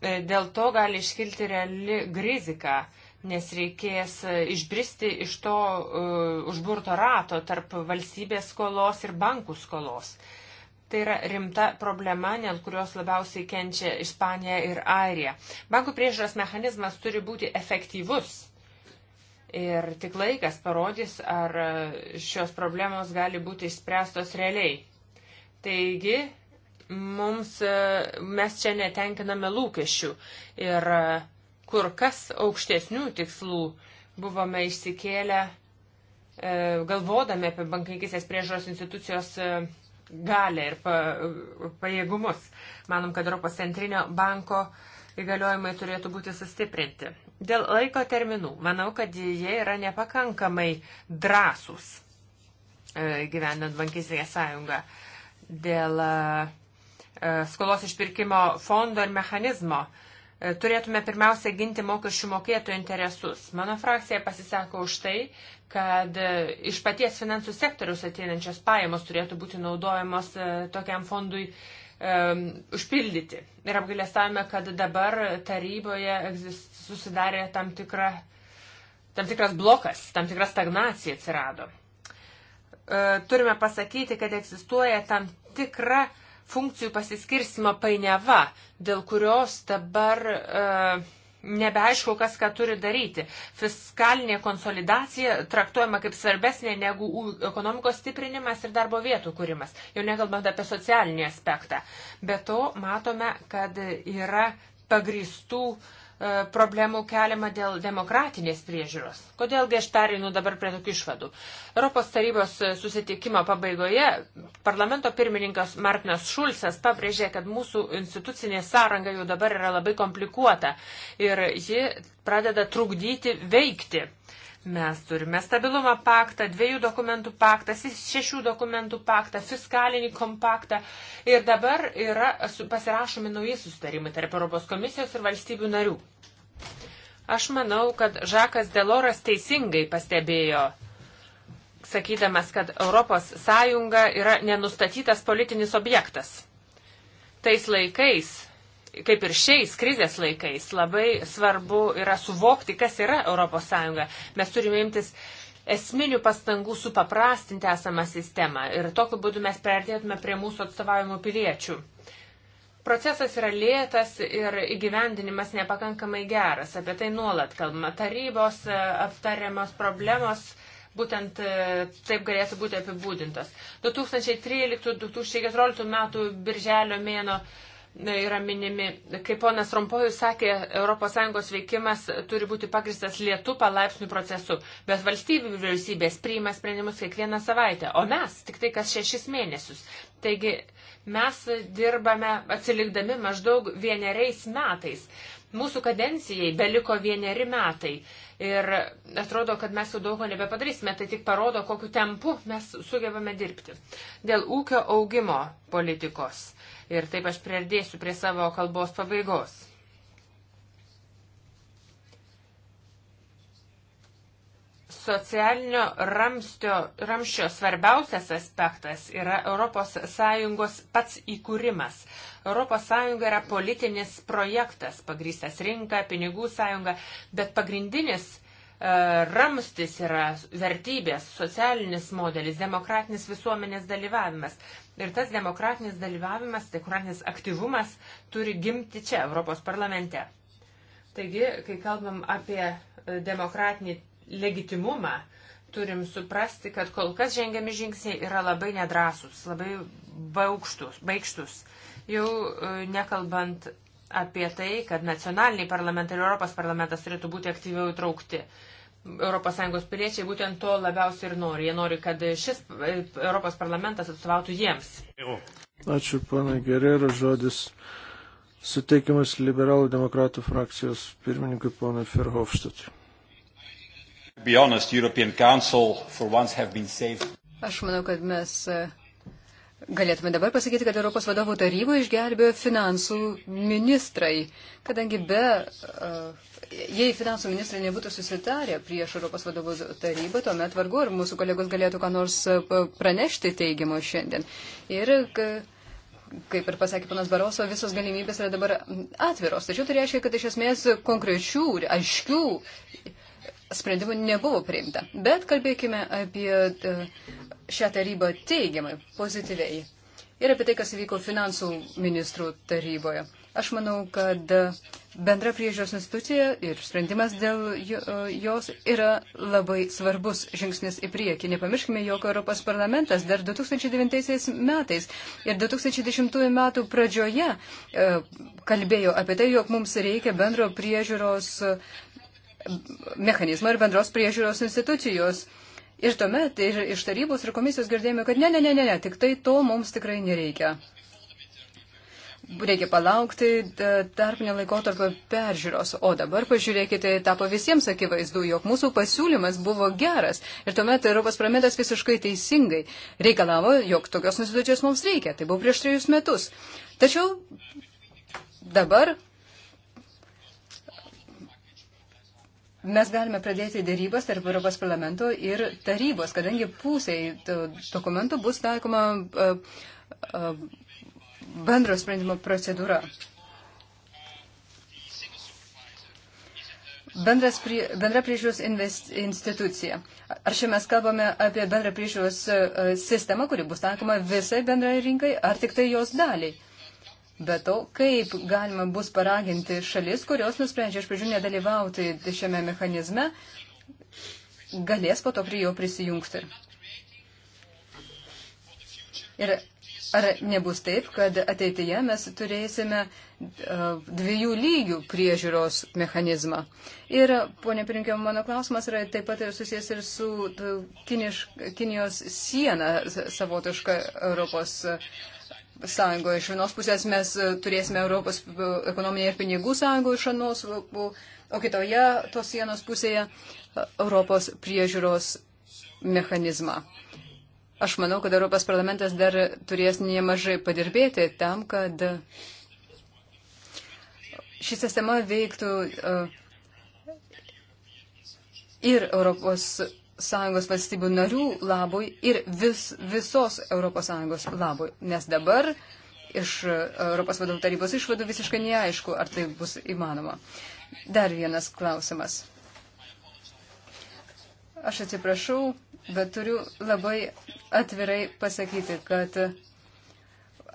E, dėl to gali iškilti reali grizika, nes reikės išbristi iš to uh, užburto rato tarp valstybės skolos ir bankų skolos. Uh, Tai yra rimta problema, dėl kurios labiausiai kenčia Ispanija ir Airija. Bankų priežiūros mechanizmas turi būti efektyvus. Ir tik laikas parodys, ar šios problemos gali būti išspręstos realiai. Taigi, mums, mes čia netenkiname lūkesčių ir kur kas aukštesnių tikslų buvome išsikėlę, e, galvodami apie bankininkisės priežos institucijos e, galę ir pa, pajėgumus. Manom, kad Europos centrinio banko įgaliojimai turėtų būti sustiprinti. Dėl laiko terminų, manau, kad jie yra nepakankamai drąsūs e, gyvenant bankisinę sąjungą. Dėl e, e, skolos išpirkimo fondo ir mechanizmo turėtume pirmiausia ginti mokesčių mokėtojų interesus. Mano frakcija pasisako už tai, kad e, iš paties finansų sektoriaus ateinančios pajamos turėtų būti naudojamos e, tokiam fondui um, užpildyti. Ir apgalėstavome, kad dabar taryboje susidarė tam, tikra, tam tikras blokas, tam tikra stagnacija atsirado. Uh, turime pasakyti, kad egzistuoja tam tikra funkcijų pasiskirstimo painiava, dėl kurios dabar uh, nebeaišku, kas ką turi daryti. Fiskalinė konsolidacija traktuojama kaip svarbesnė negu ekonomikos stiprinimas ir darbo vietų kūrimas, jau nekalbant apie socialinį aspektą. Be to matome, kad yra pagristų uh, E, problemų keliama dėl demokratinės priežiūros. Kodėlgi aš pereinu dabar prie tokių išvadų. Europos tarybos susitikimo pabaigoje parlamento pirmininkas Martinas Šulcas pabrėžė, kad mūsų institucinė sąranga jau dabar yra labai komplikuota ir ji pradeda trukdyti veikti. Mes turime stabilumo paktą, dviejų dokumentų paktą, šešių dokumentų paktą, fiskalinį kompaktą. Ir dabar yra pasirašomi nauji sustarimai tarp Europos komisijos ir valstybių narių. Aš manau, kad Žakas Deloras teisingai pastebėjo, sakydamas, kad Europos Sąjunga yra nenustatytas politinis objektas. Tais laikais kaip ir šiais krizės laikais, labai svarbu yra suvokti, kas yra ES. Mes turime imtis esminių pastangų supaprastinti esamą sistemą ir tokiu būdu mes perėtume prie mūsų atstovavimo piliečių. Procesas yra lėtas ir įgyvendinimas nepakankamai geras. Apie tai nuolat kalbama. Tarybos e, aptariamos problemos būtent e, taip galėtų būti apibūdintos. 2013-2014 metų birželio mėno uh, yra minimi. Kaip ponas Rompojus sakė, ES veikimas turi būti pagristas lietu palaipsnių procesu, bet valstybių vyriausybės priima sprendimus kiekvieną savaitę, o mes tik tai kas šešis mėnesius. Taigi mes dirbame atsilikdami maždaug vieneriais metais. Mūsų kadencijai beliko vieneri metai ir atrodo, kad mes jau daug ko nebepadarysime, tai tik parodo, kokiu tempu mes sugebame dirbti. Dėl ūkio augimo politikos Ir taip aš priardėsiu prie savo kalbos pabaigos. Socialinio ramstio, ramščio svarbiausias aspektas yra ES pats įkūrimas. ES yra politinis projektas, pagrystas rinka, pinigų sąjunga, bet pagrindinis E, ramstis yra vertybės, socialinis modelis, demokratinis visuomenės dalyvavimas. Ir tas demokratinis dalyvavimas, tai demokratinis aktyvumas turi gimti čia, Europos parlamente. Taigi, kai kalbam apie e, demokratinį legitimumą, turim suprasti, kad kol kas žengiami žingsniai yra labai nedrasus, labai baukštus, baikštus. Jau e, nekalbant apie tai, kad nacionaliniai parlamentai ir Europos parlamentas turėtų būti aktyviau įtraukti. ES piliečiai būtent to labiausiai ir nori. Jie nori, kad šis e, Europos parlamentas atstovautų jiems. Ačiū, pana Gerero, žodis suteikiamas liberalų demokratų frakcijos pirmininkui, pana Ferhofštatui. Aš manau, kad mes e, Galėtume dabar pasakyti, kad Europos vadovų taryba išgelbėjo finansų ministrai, kadangi be, uh, jei finansų ministrai nebūtų susitarę prieš Europos vadovų tarybą, tuomet vargu ar mūsų kolegos galėtų ką nors uh, pranešti teigiamo šiandien. Ir kaip ir pasakė panas Baroso, visos galimybės yra dabar atviros. Tačiau tai reiškia, kad iš esmės konkrečių ir aiškių sprendimų nebuvo priimta. Bet kalbėkime apie uh, šią tarybą teigiamai, pozityviai. Ir apie tai, kas įvyko finansų ministrų taryboje. Aš manau, kad bendra priežiūros institucija ir sprendimas dėl jos yra labai svarbus žingsnis į priekį. Nepamirškime, jog Europos parlamentas dar 2009 metais ir 2010 metų pradžioje e, kalbėjo apie tai, jog mums reikia bendro priežiūros mechanizmo ir bendros priežiūros institucijos. Ir tuomet ir iš tarybos ir komisijos girdėjome, kad ne, ne, ne, ne, ne, tik tai to mums tikrai nereikia. Reikia palaukti tarpinio laikotarpio peržiūros. O dabar pažiūrėkite, tapo visiems akivaizdu, jog mūsų pasiūlymas buvo geras. Ir tuomet Europos parlamentas visiškai teisingai reikalavo, jog tokios institucijos mums reikia. Tai buvo prieš trejus metus. Tačiau dabar mes galime pradėti dėrybas tarp Europos parlamento ir tarybos, kadangi pusiai dokumentų bus taikoma e, e, bendro sprendimo procedūra. Bendras prie, bendra priežiūros institucija. Ar čia mes kalbame apie bendrą priežiūros e, sistemą, kuri bus taikoma visai bendrai rinkai, ar tik tai jos daliai? Be to, kaip galima bus paraginti šalis, kurios nusprendžia iš pradžių nedalyvauti šiame mechanizme, galės po to prie jo prisijungti. Ir ar nebus taip, kad ateityje mes turėsime e, dviejų lygių priežiūros mechanizmą? Ir, ponė Pirinkė, mano klausimas yra taip pat ir susijęs ir su e, kiniš, Kinijos siena savotiška Europos uh, sąjungoje. Iš vienos pusės mes e, turėsime Europos e, ekonominę ir pinigų sąjungą iš anos, o kitoje tos sienos pusėje e, Europos priežiūros mechanizmą. Aš manau, kad Europos parlamentas dar turės nemažai padirbėti tam, kad ši sistema veiktų ir Europos Sąjungos valstybių narių labui ir vis, visos ES labui. Nes dabar iš e, Europos vadovų tarybos išvadų visiškai neaišku, ar tai bus įmanoma. Dar vienas klausimas. Aš atsiprašau, bet turiu labai atvirai pasakyti, kad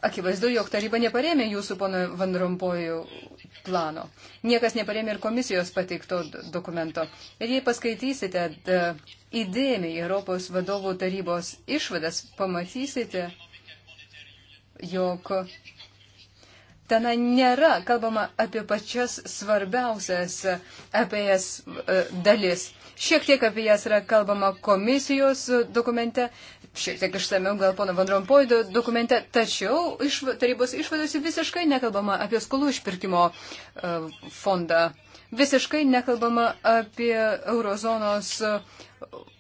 akivaizdu, jog taryba neparėmė jūsų, pono Van Rompojų, plano. Niekas neparėmė ir komisijos pateikto dokumento. Ir jei paskaitysite įdėmiai Europos vadovų tarybos išvadas, pamatysite, jog ten nėra kalbama apie pačias svarbiausias e, apie jas e, dalis. Šiek tiek apie jas yra kalbama komisijos e, dokumente, šiek tiek išsameu gal pono Van Rompuy dokumente, tačiau iš tarybos išvadose visiškai nekalbama apie skolų išpirkimo e, fondą, visiškai nekalbama apie eurozonos e, e,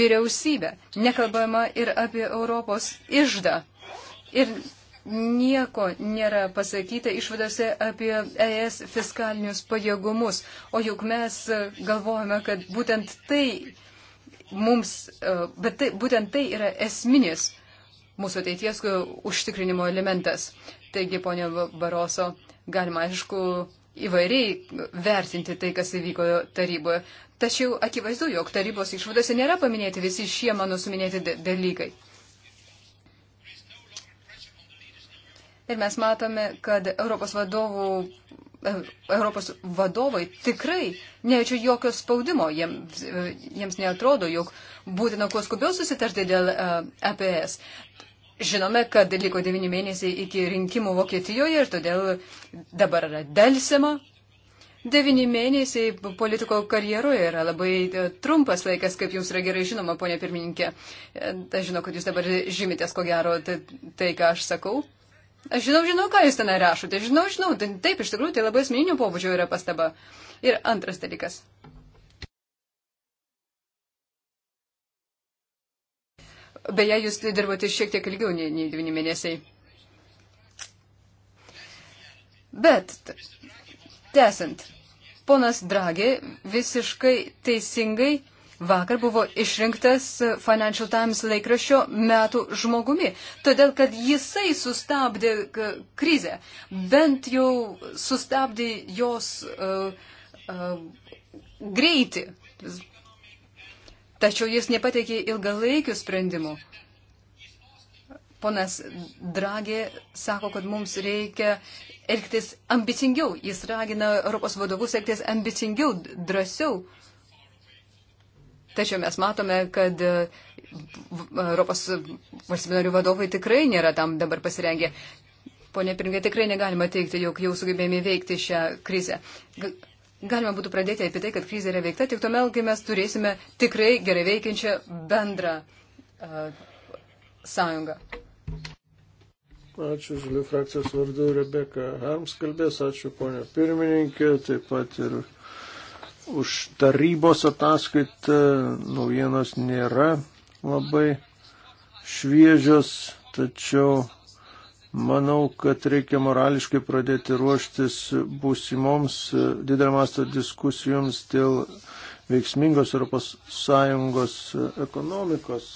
vyriausybę, nekalbama ir apie Europos išdą. Ir nieko nėra pasakyta išvadose apie ES fiskalinius pajėgumus, o juk mes galvojame, kad būtent tai mums, e, bet tai, būtent tai yra esminis mūsų ateities e, užtikrinimo elementas. Taigi, ponė Baroso, galima aišku įvairiai vertinti tai, kas įvyko taryboje. Tačiau akivaizdu, jog tarybos išvadose nėra paminėti visi šie mano suminėti dalykai. Ir mes matome, kad Europos vadovų Europos vadovai tikrai nejaučia jokio spaudimo, jiems, jiems neatrodo, jog būtina kuo skubiau susitarti dėl APS. E, e Žinome, kad liko devyni mėnesiai iki rinkimų Vokietijoje ir todėl dabar yra dėlsima. Devini mėnesiai politiko karjeroje yra labai e, trumpas laikas, kaip jums yra gerai žinoma, ponė pirmininkė. Aš žinau, kad jūs dabar žymitės, ko gero, tai, tai ką aš sakau. Aš žinau, žinau, ką jūs ten rašote. Žinau, žinau. Taip, iš tikrųjų, tai labai asmeninio pobūdžio yra pastaba. Ir antras dalykas. Beje, jūs dirbote šiek tiek ilgiau nei, nei dvyni mėnesiai. Bet, tęsant, ponas Dragi visiškai teisingai vakar buvo išrinktas Financial Times laikraščio metų žmogumi, todėl kad jisai sustabdė krizę, bent jau sustabdė jos uh, uh, greitį. Tačiau jis nepateikė ilgalaikių sprendimų. Ponas Dragė sako, kad mums reikia elgtis ambicingiau. Jis ragina Europos vadovus elgtis ambicingiau, drąsiau. Tačiau mes matome, kad e, Europos valstybinarių vadovai tikrai nėra tam dabar pasirengę. Pone Piringai, tikrai negalima teikti, jog jau sugebėjome veikti šią krizę. Galima būtų pradėti apie tai, kad krizė yra veikta tik tuomet, kai mes turėsime tikrai gerai veikiančią bendrą uh, sąjungą. Ačiū žalių frakcijos vardu Rebeka Harms kalbės, ačiū ponia pirmininkė, taip pat ir už tarybos ataskaitą naujienos nėra labai šviežios, tačiau manau, kad reikia morališkai pradėti ruoštis būsimoms e, didelmasto diskusijoms dėl veiksmingos ES e, ekonomikos.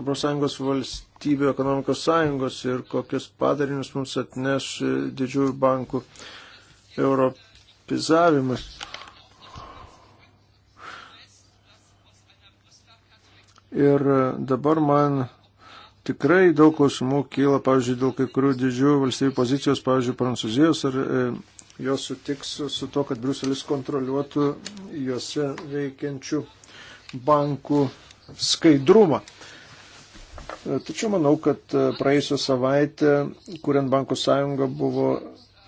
ES valstybių ekonomikos sąjungos ir kokius padarinius mums atneš e, didžiųjų bankų Europ, stereotipizavimas. Ir dabar man tikrai daug klausimų kyla, pavyzdžiui, dėl kai kurių didžiųjų valstybių pozicijos, pavyzdžiui, Prancūzijos, ar e, jos sutiks su to, kad Bruselis kontroliuotų juose veikiančių bankų skaidrumą. E, tačiau manau, kad e, praėjusią savaitę, kuriant bankų sąjungą, buvo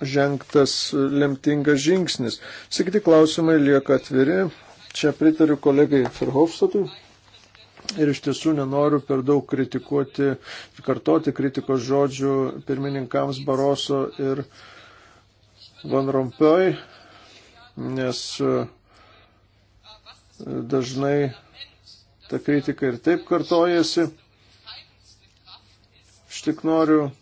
žengtas lemtingas žingsnis. Sakyti klausimai lieka atviri. Čia pritariu kolegai Ferhofstatui. Ir iš tiesų nenoriu per daug kritikuoti ir kartoti kritikos žodžių pirmininkams Baroso ir Van Rompioj, nes e, dažnai ta kritika ir taip kartojasi. Aš tik noriu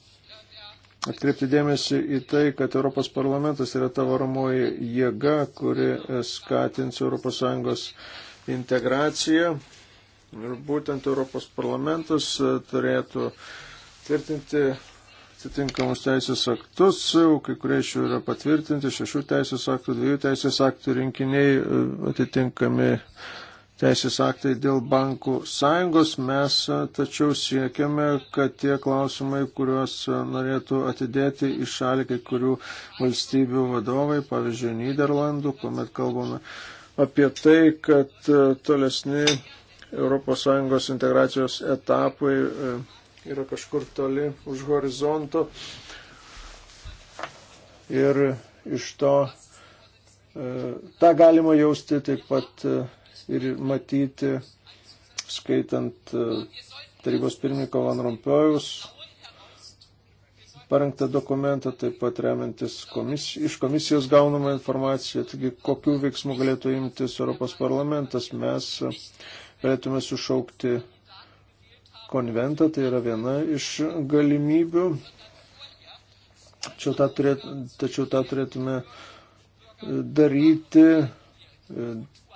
atkreipti dėmesį į tai, kad Europos parlamentas yra ta varomoji jėga, kuri skatins ES integraciją. Ir būtent Europos parlamentas turėtų tvirtinti atitinkamus teisės aktus, kai kurie iš jų yra patvirtinti, šešių teisės aktų, dviejų teisės aktų rinkiniai e, atitinkami teisės aktai dėl bankų sąjungos. Mes tačiau siekiame, kad tie klausimai, kuriuos norėtų atidėti į šalį kai kurių valstybių vadovai, pavyzdžiui, Niderlandų, kuomet kalbame apie tai, kad tolesni ES integracijos etapai yra kažkur toli už horizonto. Ir iš to tą galima jausti taip pat ir matyti, skaitant e, tarybos pirmininko Van Rompiojus parengtą dokumentą, taip pat remiantis komisijos, iš komisijos gaunamą informaciją, taigi kokių veiksmų galėtų imtis Europos parlamentas, mes galėtume sušaukti konventą, tai yra viena iš galimybių, tačiau tą, turėt, tačiau tą turėtume daryti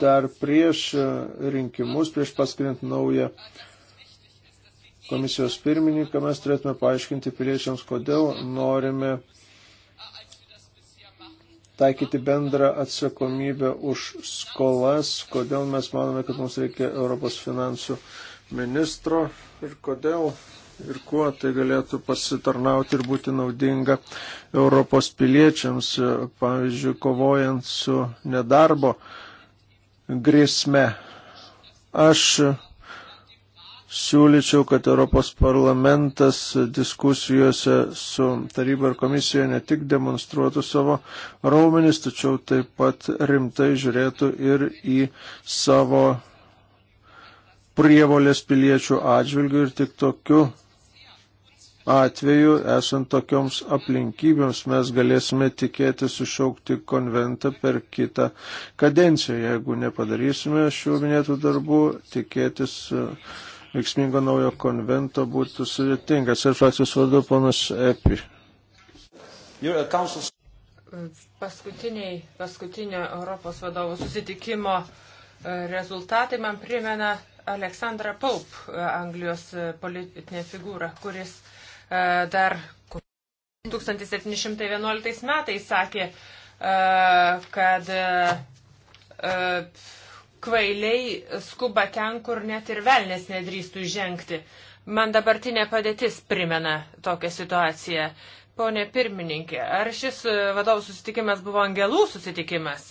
dar prieš rinkimus, prieš paskiriant naują komisijos pirmininką, mes turėtume paaiškinti piliečiams, kodėl norime taikyti bendrą atsakomybę už skolas, kodėl mes manome, kad mums reikia Europos finansų ministro ir kodėl ir kuo tai galėtų pasitarnauti ir būti naudinga Europos piliečiams, pavyzdžiui, kovojant su nedarbo grėsme. Aš siūlyčiau, kad Europos parlamentas diskusijose su taryba ir komisija ne tik demonstruotų savo raumenis, tačiau taip pat rimtai žiūrėtų ir į savo prievolės piliečių atžvilgių ir tik tokiu atveju, esant tokioms aplinkybėms, mes galėsime tikėti sušaukti konventą per kitą kadenciją. Jeigu nepadarysime šių minėtų darbų, tikėtis e, veiksmingo naujo konvento būtų sudėtingas. Ir frakcijos vadu ponas Epi. E, paskutiniai, paskutinio Europos vadovų susitikimo e, rezultatai man primena Aleksandrą Paup, Anglijos politinę figūrą, kuris uh, E, dar 1711 metais sakė, e, kad e, kvailiai skuba ten, kur net ir velnės nedrįstų žengti. Man dabartinė padėtis primena tokią situaciją. Pone pirmininkė, ar šis vadovų susitikimas buvo angelų susitikimas?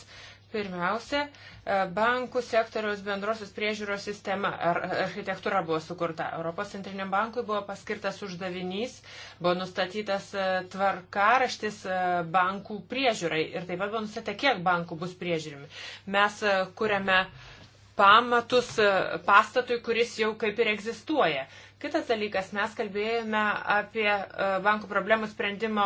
Pirmiausia, E, bankų sektoriaus bendrosios priežiūros sistema ar architektūra buvo sukurta. Europos centriniam bankui buvo paskirtas uždavinys, buvo nustatytas e, tvarkaraštis e, bankų priežiūrai ir taip pat buvo nustatyta, kiek bankų bus priežiūrimi. Mes kuriame pamatus pastatui, kuris jau kaip ir egzistuoja. Kitas dalykas, mes kalbėjome apie e, bankų problemų sprendimo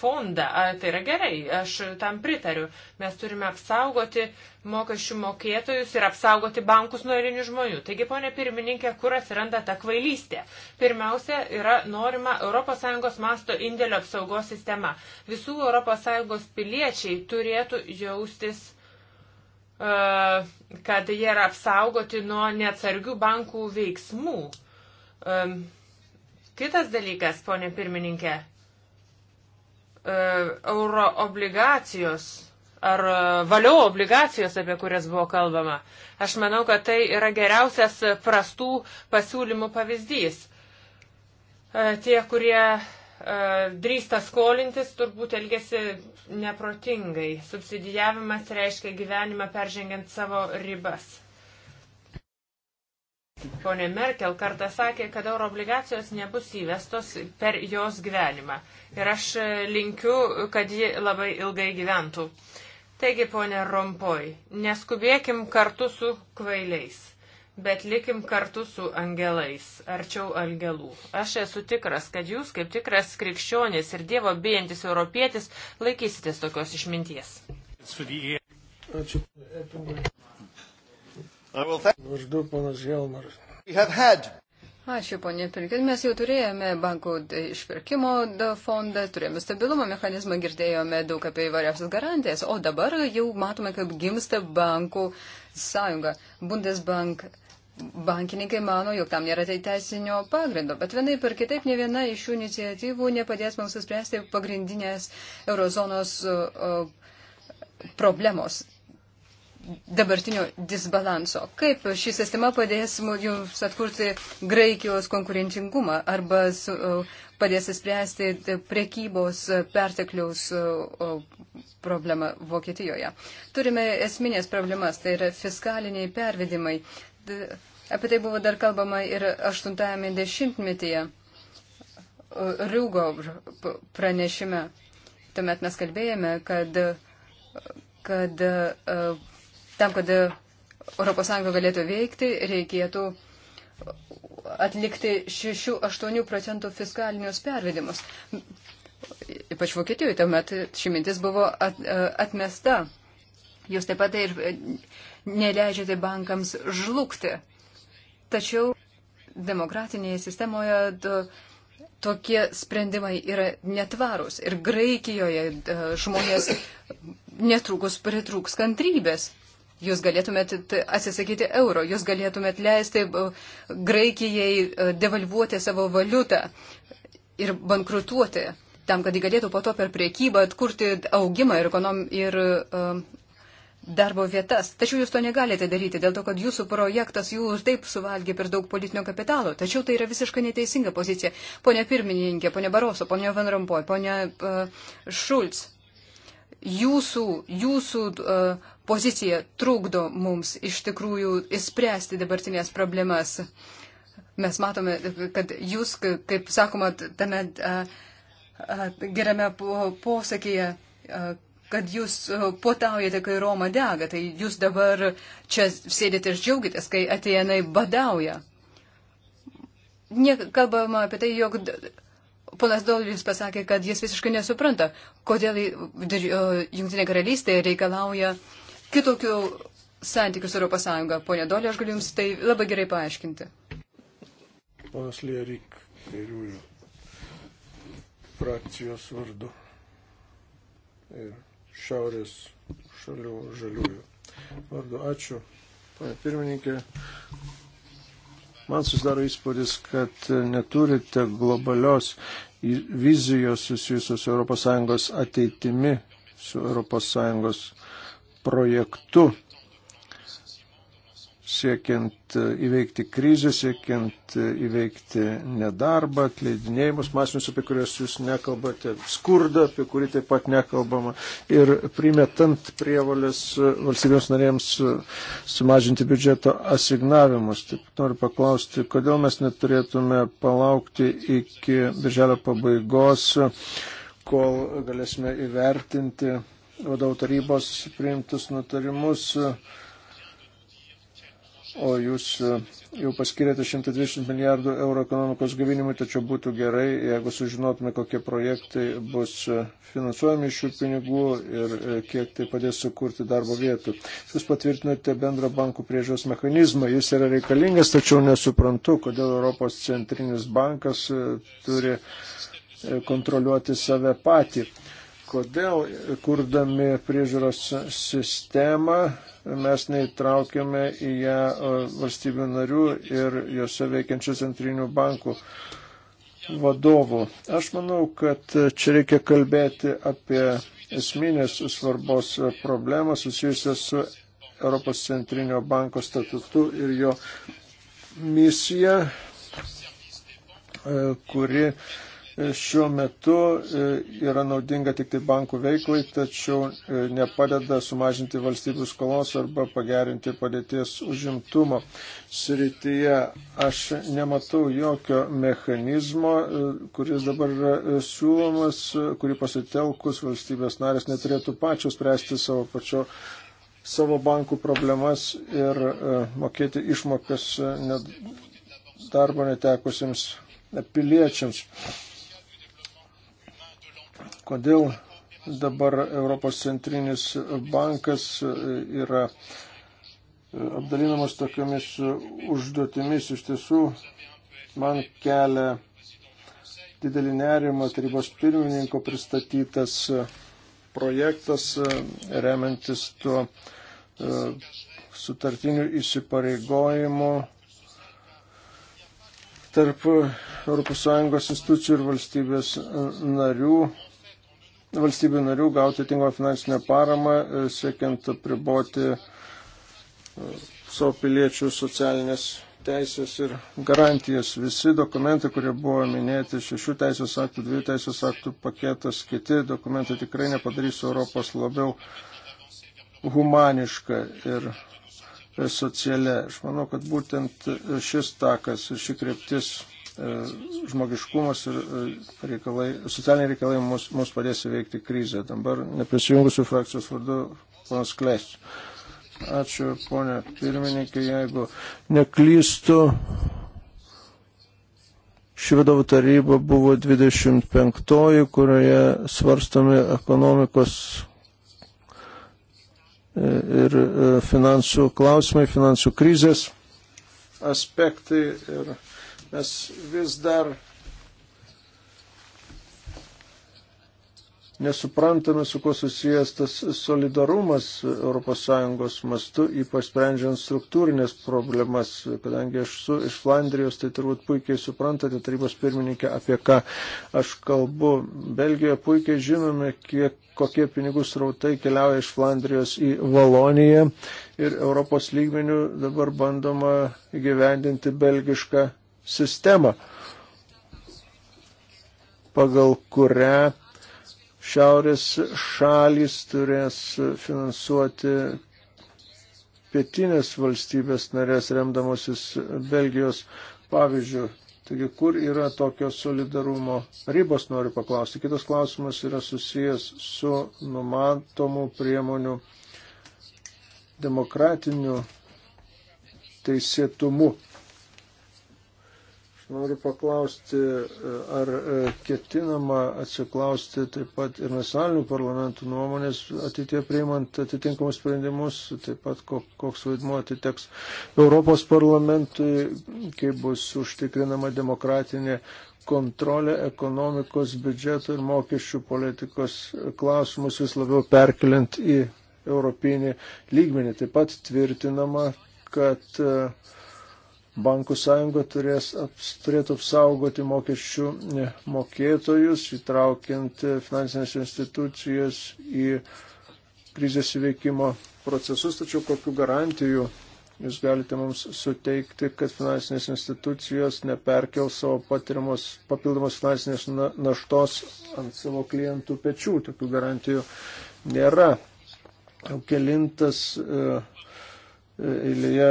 fondą. Tai yra gerai, aš tam pritariu. Mes turime apsaugoti mokesčių mokėtojus ir apsaugoti bankus nuo eilinių žmonių. Taigi, ponė pirmininkė, kur atsiranda ta kvailystė? Pirmiausia, yra norima ES masto indėlio apsaugos sistema. Visų ES piliečiai turėtų jaustis e, kad jie yra apsaugoti nuo neatsargių bankų veiksmų. Uh, Um, kitas dalykas, ponė pirmininkė, uh, euro obligacijos ar e, valio obligacijos, apie kurias buvo kalbama. Aš manau, kad tai yra geriausias prastų pasiūlymų pavyzdys. E, tie, kurie drįsta skolintis, turbūt elgesi neprotingai. Subsidijavimas reiškia gyvenimą peržengiant savo ribas. Pone Merkel kartą sakė, kad euro obligacijos nebus įvestos per jos gyvenimą. Ir aš e, linkiu, kad ji labai ilgai gyventų. Taigi, ponė Rompoj, neskubėkim kartu su kvailiais, bet likim kartu su angelais, arčiau angelų. Aš esu tikras, kad jūs, kaip tikras krikščionis ir Dievo bijantis europietis, laikysitės tokios išminties. Ačiū. Vardu panas Helmaras. Ačiū, ponė Pirkin. Mes jau turėjome bankų išpirkimo fondą, turėjome stabilumo mechanizmą, girdėjome daug apie įvairiausias garantijas, o dabar jau matome, kaip gimsta bankų sąjunga. Bundesbank bankininkai mano, jog tam nėra tai teisinio pagrindo, bet vienai per kitaip ne viena iš šių iniciatyvų nepadės mums suspręsti pagrindinės eurozonos problemos dabartinio disbalanso. Kaip ši sistema padės jums atkurti Graikijos konkurencingumą arba su, padės įspręsti prekybos pertekliaus problemą Vokietijoje. Turime esminės problemas, tai yra fiskaliniai pervedimai. Apie tai buvo dar kalbama ir 80-ame dešimtmetyje Rūgo pranešime. Tuomet mes kalbėjome, kad kad uh, tam, kad ES galėtų veikti, reikėtų atlikti 6-8 procentų fiskalinius pervedimus. Ypač Vokietijoje tuomet ši mintis buvo at, e, atmesta. Jūs taip pat ir neleidžiate bankams žlugti. Tačiau demokratinėje sistemoje to, tokie sprendimai yra netvarūs. Ir Graikijoje žmonės netrukus pritrūks kantrybės. Jūs galėtumėt atsisakyti euro, jūs galėtumėt leisti e, Graikijai e, devalvuoti savo valiutą ir bankrutuoti, tam, kad jį galėtų po to per priekybą atkurti augimą ir, ekonom, ir uh, darbo vietas. Tačiau jūs to negalite daryti, dėl to, kad jūsų projektas jų ir taip suvalgė per daug politinio kapitalo. Tačiau tai yra visiškai neteisinga pozicija. Pone pirmininkė, pone Baroso, pone Van Rompuy, pone uh, Šulc, jūsų, jūsų uh, pozicija trukdo mums iš tikrųjų įspręsti dabartinės problemas. Mes matome, kad jūs, kaip sakoma, tame a, a, gerame posakyje, a, kad jūs potaujate, kai Roma dega, tai jūs dabar čia sėdite ir džiaugitės, kai atėjanai badauja. Ne, kalbama apie tai, jog Ponas Doleris pasakė, kad jis visiškai nesupranta, kodėl Junktinė karalystė reikalauja uh, kitokių santykių su ES. Pone Dolė, aš galiu Jums tai labai gerai paaiškinti. Ponas Lierik, kairiųjų frakcijos vardu ir šiaurės šalių žaliųjų vardu. Ačiū, pane pirmininkė. Man susidaro įspūdis, kad neturite globalios vizijos susijusios su ES ateitimi, su ES projektu siekiant įveikti krizę, siekiant įveikti nedarbą, atleidinėjimus masinius, apie kuriuos jūs nekalbate, skurdą, apie kurį taip pat nekalbama, ir primetant prievalės valstybėms narėms sumažinti biudžeto asignavimus. Taip noriu paklausti, kodėl mes neturėtume palaukti iki birželio pabaigos, kol galėsime įvertinti vadovų tarybos priimtus nutarimus, o jūs e, jau paskirėte 120 milijardų eurų ekonomikos gavinimui, tačiau būtų gerai, jeigu sužinotume, kokie projektai bus e, finansuojami iš šių pinigų ir e, kiek tai padės sukurti darbo vietų. Jūs patvirtinote bendrą bankų priežiūros mechanizmą, jis yra reikalingas, tačiau nesuprantu, kodėl Europos centrinis bankas turi kontroliuoti save patį kodėl, kurdami priežiūros sistemą, mes neįtraukėme į ją e, valstybių narių ir juose veikiančių centrinių bankų vadovų. Aš manau, kad čia reikia kalbėti apie esminės svarbos problemą susijusią su Europos centrinio banko statutu ir jo misija, e, kuri šiuo metu e, yra naudinga tik tai bankų veiklai, tačiau e, nepadeda sumažinti valstybių skolos arba pagerinti padėties užimtumo srityje. Aš nematau jokio mechanizmo, e, kuris dabar yra siūlomas, kurį pasitelkus valstybės narės neturėtų pačios spręsti savo pačio savo bankų problemas ir mokėti išmokas net darbo netekusiems piliečiams kodėl dabar Europos centrinis bankas yra apdalinamas tokiamis užduotimis. Iš tiesų, man kelia didelį nerimą tarybos pirmininko pristatytas projektas, remiantis tuo e, sutartiniu įsipareigojimu tarp ES institucijų ir valstybės e, narių valstybių narių gauti tinkamą finansinę paramą, e, siekiant priboti e, savo piliečių socialinės teisės ir garantijas. Visi dokumentai, kurie buvo minėti, šešių teisės aktų, dviejų teisės aktų paketas, kiti dokumentai tikrai nepadarys Europos labiau humanišką ir e, socialę. Aš manau, kad būtent šis takas ir ši kryptis E, žmogiškumas ir e, reikalai, socialiniai reikalai mus, mus padės įveikti krizę. Dabar neprisijungusių frakcijos vardu panas Klės. Ačiū, ponė pirmininkė, jeigu neklystu, Ši vadovų taryba buvo 25-oji, kurioje svarstomi ekonomikos e, ir finansų klausimai, finansų krizės aspektai. Ir Mes vis dar nesuprantame, su kuo susijęs tas solidarumas ES mastu, ypač sprendžiant struktūrinės problemas. Kadangi aš esu iš Flandrijos, tai turbūt puikiai suprantate, tarybos pirmininkė, apie ką aš kalbu. Belgijoje puikiai žinome, kiek, kokie pinigų srautai keliauja iš Flandrijos į Valoniją ir Europos lygmenių dabar bandoma įgyvendinti belgišką sistemą, pagal kurią šiaurės šalys turės finansuoti pietinės valstybės narės remdamosis Belgijos pavyzdžių. Taigi, kur yra tokio solidarumo ribos, noriu paklausti. Kitas klausimas yra susijęs su numatomų priemonių demokratiniu teisėtumu. Noriu paklausti, e, ar e, ketinama atsiklausti taip pat ir nacionalinių parlamentų nuomonės ateitie priimant atitinkamus sprendimus, taip pat koks vaidmuo atiteks Europos parlamentui, kaip bus užtikrinama demokratinė kontrolė ekonomikos, biudžeto ir mokesčių politikos klausimus vis labiau perkeliant į europinį lygmenį. Taip pat tvirtinama, kad uh, Bankų sąjunga turės, aps, turėtų apsaugoti mokesčių e, mokėtojus, įtraukiant e, finansinės institucijas į krizės įveikimo procesus, tačiau kokiu garantiju jūs galite mums suteikti, kad finansinės institucijos neperkels savo patiriamos papildomos finansinės naštos ant savo klientų pečių. Tokių garantijų nėra. Jau kelintas uh, eilėje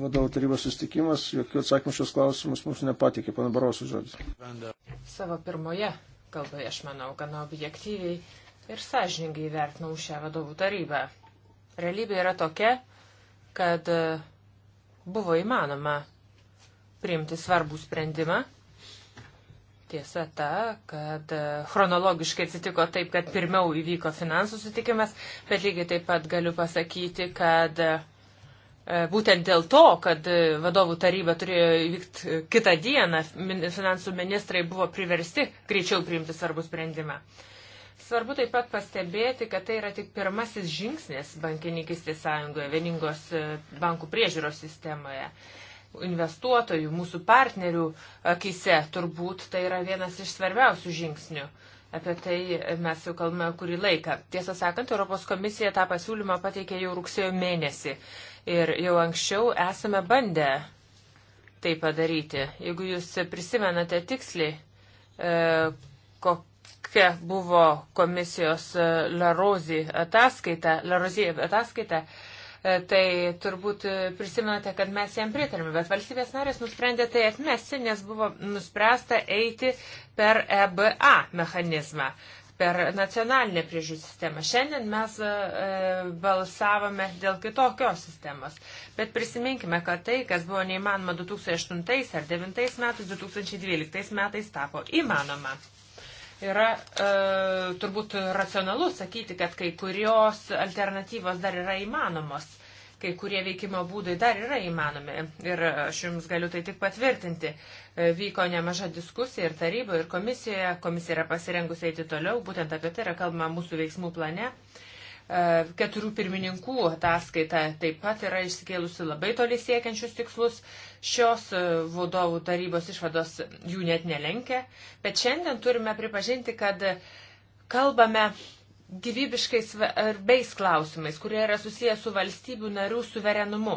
vadovo tarybos sustikimas, jokių atsakymų šios klausimus mums nepatikė, pana Barosų žodis. Savo pirmoje kalboje, aš manau, gana objektyviai ir sąžiningai vertinau šią vadovų tarybą. Realybė yra tokia, kad e, buvo įmanoma priimti svarbų sprendimą. Tiesa ta, kad e, chronologiškai atsitiko taip, kad pirmiau įvyko finansų sutikimas, bet lygiai taip pat galiu pasakyti, kad e, E, būtent dėl to, kad e, vadovų taryba turėjo vykti e, kitą dieną, finansų ministrai buvo priversti greičiau priimti svarbų sprendimą. Svarbu taip pat pastebėti, kad tai yra tik pirmasis žingsnis bankininkistės sąjungoje, vieningos bankų priežiūros sistemoje. Investuotojų, mūsų partnerių akise turbūt tai yra vienas iš svarbiausių žingsnių. Apie tai mes jau kalbame kurį laiką. Tiesą sakant, Europos komisija tą pasiūlymą pateikė jau rugsėjo mėnesį. Ir jau anksčiau esame bandę tai padaryti. Jeigu jūs prisimenate tiksliai, e, kokia buvo komisijos e, Larozi ataskaita, Larozi ataskaita, E, tai turbūt prisimenate, kad mes jam pritarėme, bet valstybės narės nusprendė tai atmesti, nes buvo nuspręsta eiti per EBA mechanizmą per nacionalinę priežiūrų sistemą. Šiandien mes e, balsavome dėl kitokios sistemos. Bet prisiminkime, kad tai, kas buvo neįmanoma 2008 ar 2009 metais, 2012 metais tapo įmanoma. Yra e, turbūt racionalu sakyti, kad kai kurios alternatyvos dar yra įmanomos, kai kurie veikimo būdai dar yra įmanomi. Ir aš jums galiu tai tik patvirtinti. E, vyko nemaža diskusija ir taryboje, ir komisijoje. Komisija yra pasirengusi eiti toliau, būtent apie tai yra kalbama mūsų veiksmų plane. E, E, keturių pirmininkų ataskaita taip pat yra išsikėlusi labai toli siekiančius tikslus. Šios e, vadovų tarybos išvados jų net nelenkia. Bet šiandien turime pripažinti, kad kalbame gyvybiškai svarbiais klausimais, kurie yra susijęs su valstybių narių suverenumu.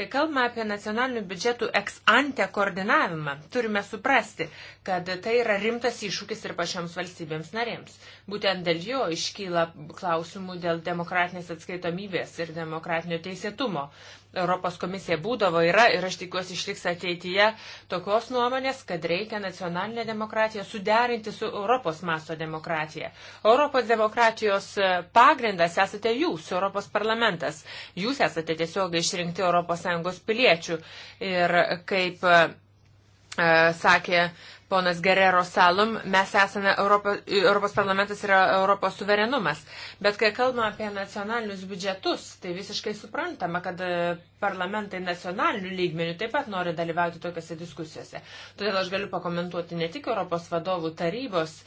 Kai kalbame apie nacionalinių biudžetų ex ante koordinavimą, turime suprasti, kad tai yra rimtas iššūkis ir pačioms valstybėms narėms. Būtent dėl jo iškyla klausimų dėl demokratinės atskaitomybės ir demokratinio teisėtumo. Europos komisija būdavo yra ir aš tikiuosi išliks ateityje tokios nuomonės, kad reikia nacionalinę demokratiją suderinti su Europos masto demokratija. Europos demokratijos e, pagrindas esate jūs, Europos parlamentas. Jūs esate tiesiog išrinkti ES piliečių. Ir kaip e, e sakė ponas Gerero Salum, mes esame Europos, Europos parlamentas yra Europos suverenumas. Bet kai kalbame apie nacionalinius biudžetus, tai visiškai suprantama, kad e, parlamentai nacionalinių lygmenių taip pat nori dalyvauti tokiuose diskusijose. Todėl aš galiu pakomentuoti ne tik Europos vadovų tarybos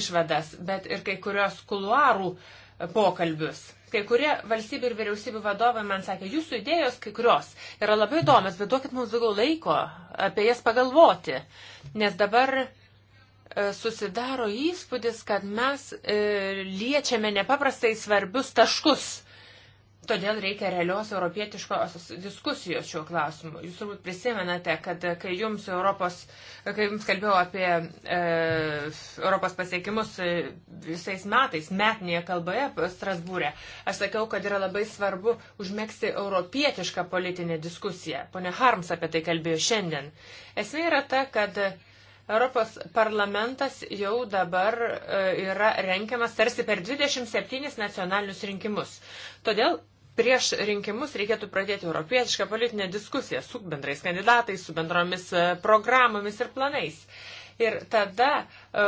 išvadas, bet ir kai kurios kuluarų uh, pokalbius. Kai kurie valstybių ir vyriausybių vadovai man sakė, jūsų idėjos kai kurios yra labai įdomios, bet duokit mums daugiau laiko apie jas pagalvoti. Nes dabar e, susidaro įspūdis, kad mes e, liečiame nepaprastai svarbius taškus Todėl reikia realios europietiškos diskusijos šiuo klausimu. Jūs turbūt prisimenate, kad kai jums, Europos, kai jums kalbėjau apie e, Europos pasiekimus e, visais metais, metinėje kalboje Strasbūrė, aš sakiau, kad yra labai svarbu užmėgsti europietišką politinę diskusiją. Pone Harms apie tai kalbėjo šiandien. Esmė yra ta, kad Europos parlamentas jau dabar e, yra renkiamas tarsi per 27 nacionalinius rinkimus. Todėl prieš rinkimus reikėtų pradėti europietišką politinę diskusiją su bendrais kandidatais, su bendromis e, programomis ir planais. Ir tada E,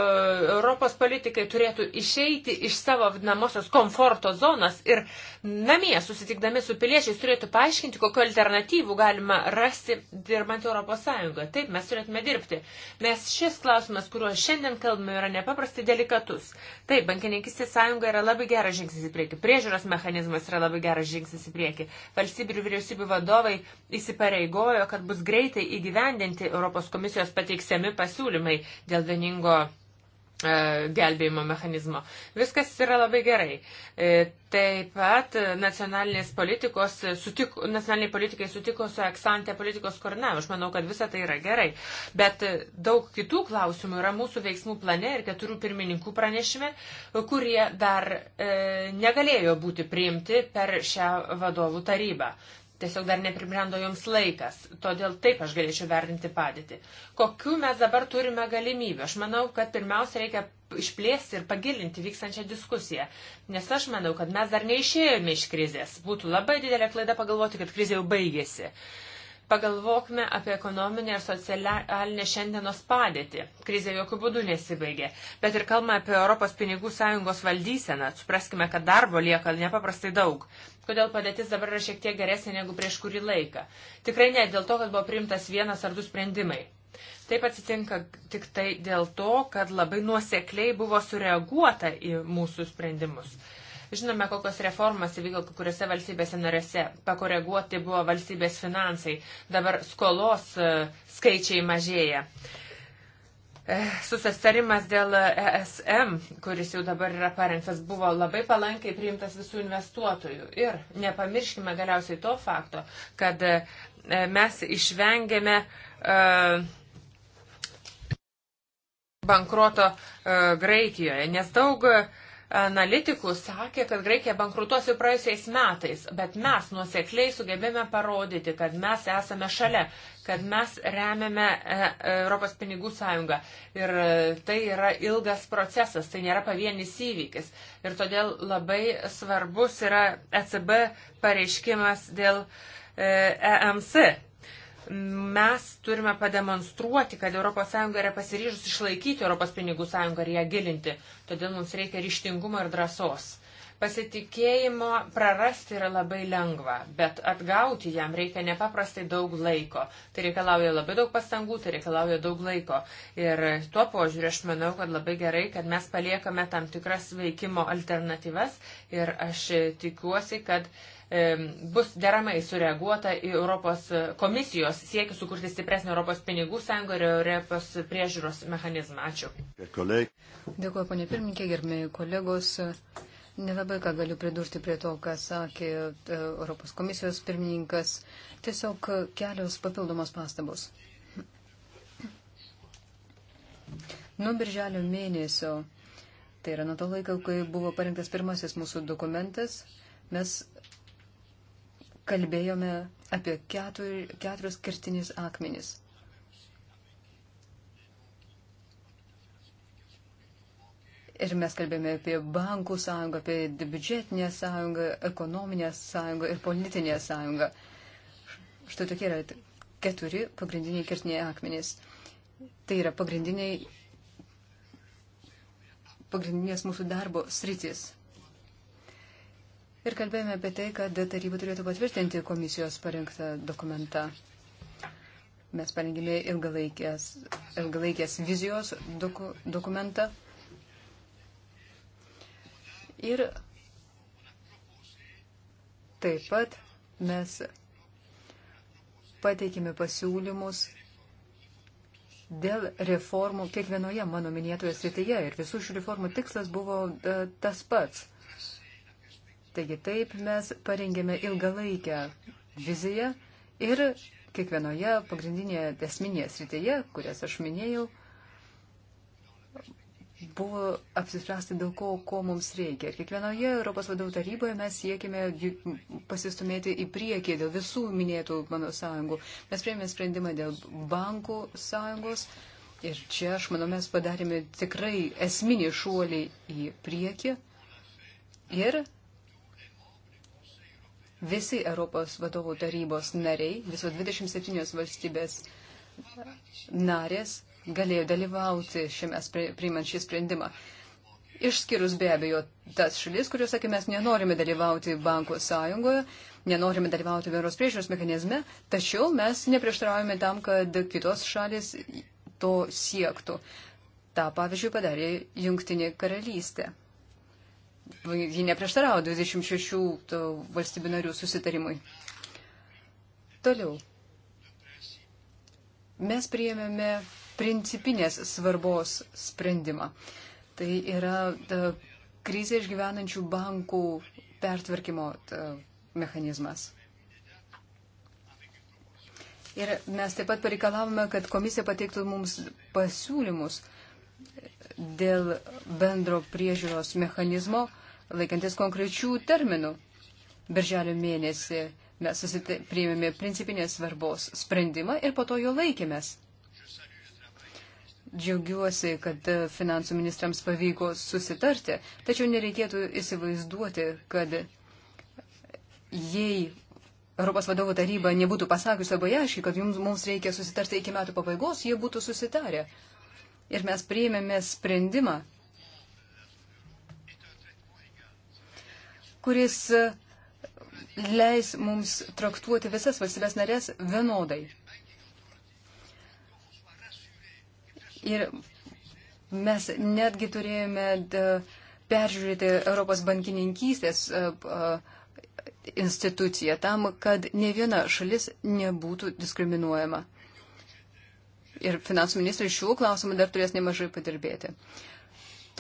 Europos politikai turėtų išeiti iš savo vadinamosios komforto zonas ir namie susitikdami su piliečiais turėtų paaiškinti, kokiu alternatyvų galima rasti dirbant Europos Sąjungoje. Taip mes turėtume dirbti, nes šis klausimas, kuriuo šiandien kalbame, yra nepaprastai delikatus. Taip, bankininkistės sąjunga yra labai geras žingsnis į priekį, priežiūros mechanizmas yra labai geras žingsnis į priekį. Valstybių ir vyriausybių vadovai įsipareigojo, kad bus greitai įgyvendinti Europos komisijos pateiksiami pasiūlymai dėl vieningo E, gelbėjimo mechanizmo. Viskas yra labai gerai. E, taip pat nacionalinės politikos, e, sutiko, nacionaliniai politikai sutiko su eksantė politikos koordinavimu. Aš manau, kad visa tai yra gerai. Bet daug kitų klausimų yra mūsų veiksmų plane ir keturių pirmininkų pranešime, kurie dar e, negalėjo būti priimti per šią vadovų tarybą. Tiesiog dar nepribrendo joms laikas. Todėl taip aš galėčiau vertinti padėtį. Kokių mes dabar turime galimybių? Aš manau, kad pirmiausia reikia išplėsti ir pagilinti vykstančią diskusiją. Nes aš manau, kad mes dar neišėjome iš krizės. Būtų labai didelė klaida pagalvoti, kad krizė jau baigėsi. Pagalvokime apie ekonominę ir socialinę šiandienos padėtį. Krizė jokių būdų nesibaigė. Bet ir kalbame apie Europos pinigų sąjungos valdyseną. Supraskime, kad darbo lieka nepaprastai daug kodėl padėtis dabar yra šiek tiek geresnė negu prieš kurį laiką. Tikrai ne dėl to, kad buvo priimtas vienas ar du sprendimai. Taip atsitinka tik tai dėl to, kad labai nuosekliai buvo sureaguota į mūsų sprendimus. Žinome, kokios reformas įvyko kuriuose valstybėse narėse. Pakoreguoti buvo valstybės finansai. Dabar skolos e, skaičiai mažėja. Uh, E, susitarimas dėl ESM, kuris jau dabar yra parengtas, buvo labai palankiai priimtas visų investuotojų. Ir nepamirškime galiausiai to fakto, kad e, mes išvengėme e, bankroto Graikijoje, nes daug analitikų sakė, kad Graikija bankrutuos jau praėjusiais metais, bet mes nuosekliai sugebėjome parodyti, kad mes esame šalia, kad mes remiame e, Europos pinigų sąjungą. Ir e, tai yra ilgas procesas, tai nėra pavienis įvykis. Ir todėl labai svarbus yra ECB pareiškimas dėl EMC e mes turime pademonstruoti, kad ES yra pasiryžus išlaikyti Europos pinigų sąjungą ir ją gilinti. Todėl mums reikia ryštingumo ir drąsos. Pasitikėjimo prarasti yra labai lengva, bet atgauti jam reikia nepaprastai daug laiko. Tai reikalauja labai daug pastangų, tai reikalauja daug laiko. Ir tuo požiūriu aš manau, kad labai gerai, kad mes paliekame tam tikras veikimo alternatyvas ir aš tikiuosi, kad uh, bus deramai sureaguota į Europos e, komisijos siekį sukurti stipresnį Europos pinigų sąjungą ir Europos priežiūros mechanizmą. Ačiū. Dėkuoju, ponė pirmininkė, gerbėjai kolegos. Nelabai ką galiu pridurti prie to, ką sakė e, Europos komisijos pirmininkas. Tiesiog kelios papildomos pastabos. Nuo birželio mėnesio, tai yra nuo to laiko, kai buvo parengtas pirmasis mūsų dokumentas, mes kalbėjome apie ketur, keturis kertinis akmenis. Ir mes kalbėjome apie bankų sąjungą, apie biudžetinę sąjungą, ekonominę sąjungą ir politinę sąjungą. Štai tokie yra keturi pagrindiniai kertiniai akmenys. Tai yra pagrindiniai, pagrindinės mūsų darbo sritis ir kalbėjome apie tai, kad taryba turėtų patvirtinti komisijos parengtą dokumentą. Mes parengėme ilgalaikės, ilgalaikės vizijos doku, dokumentą. Ir taip pat mes pateikėme pasiūlymus dėl reformų kiekvienoje mano minėtoje srityje. Ir visų šių reformų tikslas buvo e, tas pats Taigi taip mes parengėme ilgalaikę viziją ir kiekvienoje pagrindinėje esminėje srityje, kurias aš minėjau, buvo apsispręsti dėl ko, ko mums reikia. Ir kiekvienoje Europos vadovų taryboje mes siekime pasistumėti į priekį dėl visų minėtų mano sąjungų. Mes prieimėme sprendimą dėl bankų sąjungos ir čia, aš manau, mes padarėme tikrai esminį šuolį į priekį. Ir visi Europos vadovų tarybos nariai, visos 27 valstybės narės galėjo dalyvauti šiame priimant šį sprendimą. Išskyrus be abejo tas šalis, kurios sakė, mes nenorime dalyvauti bankų sąjungoje, nenorime dalyvauti vienos priežiūros mechanizme, tačiau mes neprieštraujame tam, kad kitos šalis to siektų. Ta, pavyzdžiui, padarė Junktinė karalystė ji neprieštaravo 26 valstybių narių susitarimui. Toliau. Mes priėmėme principinės svarbos sprendimą. Tai yra ta, krizė išgyvenančių bankų pertvarkymo ta, mechanizmas. Ir mes taip pat pareikalavome, kad komisija pateiktų mums pasiūlymus dėl bendro priežiūros mechanizmo, laikantis konkrečių terminų. Birželio mėnesį mes priėmėme principinės svarbos sprendimą ir po to jo laikėmės. Džiaugiuosi, kad e, finansų ministrams pavyko susitarti, tačiau nereikėtų įsivaizduoti, kad jei Europos vadovų taryba nebūtų pasakius labai aiškiai, kad jums, mums reikia susitarti iki metų pabaigos, jie būtų susitarę. Ir mes priėmėme sprendimą, kuris e, leis mums traktuoti visas valstybės narės vienodai. Ir mes netgi turėjome peržiūrėti Europos bankininkystės e, e, instituciją tam, kad ne viena šalis nebūtų diskriminuojama. Ir finansų ministrai šių klausimų dar turės nemažai padirbėti. Uh,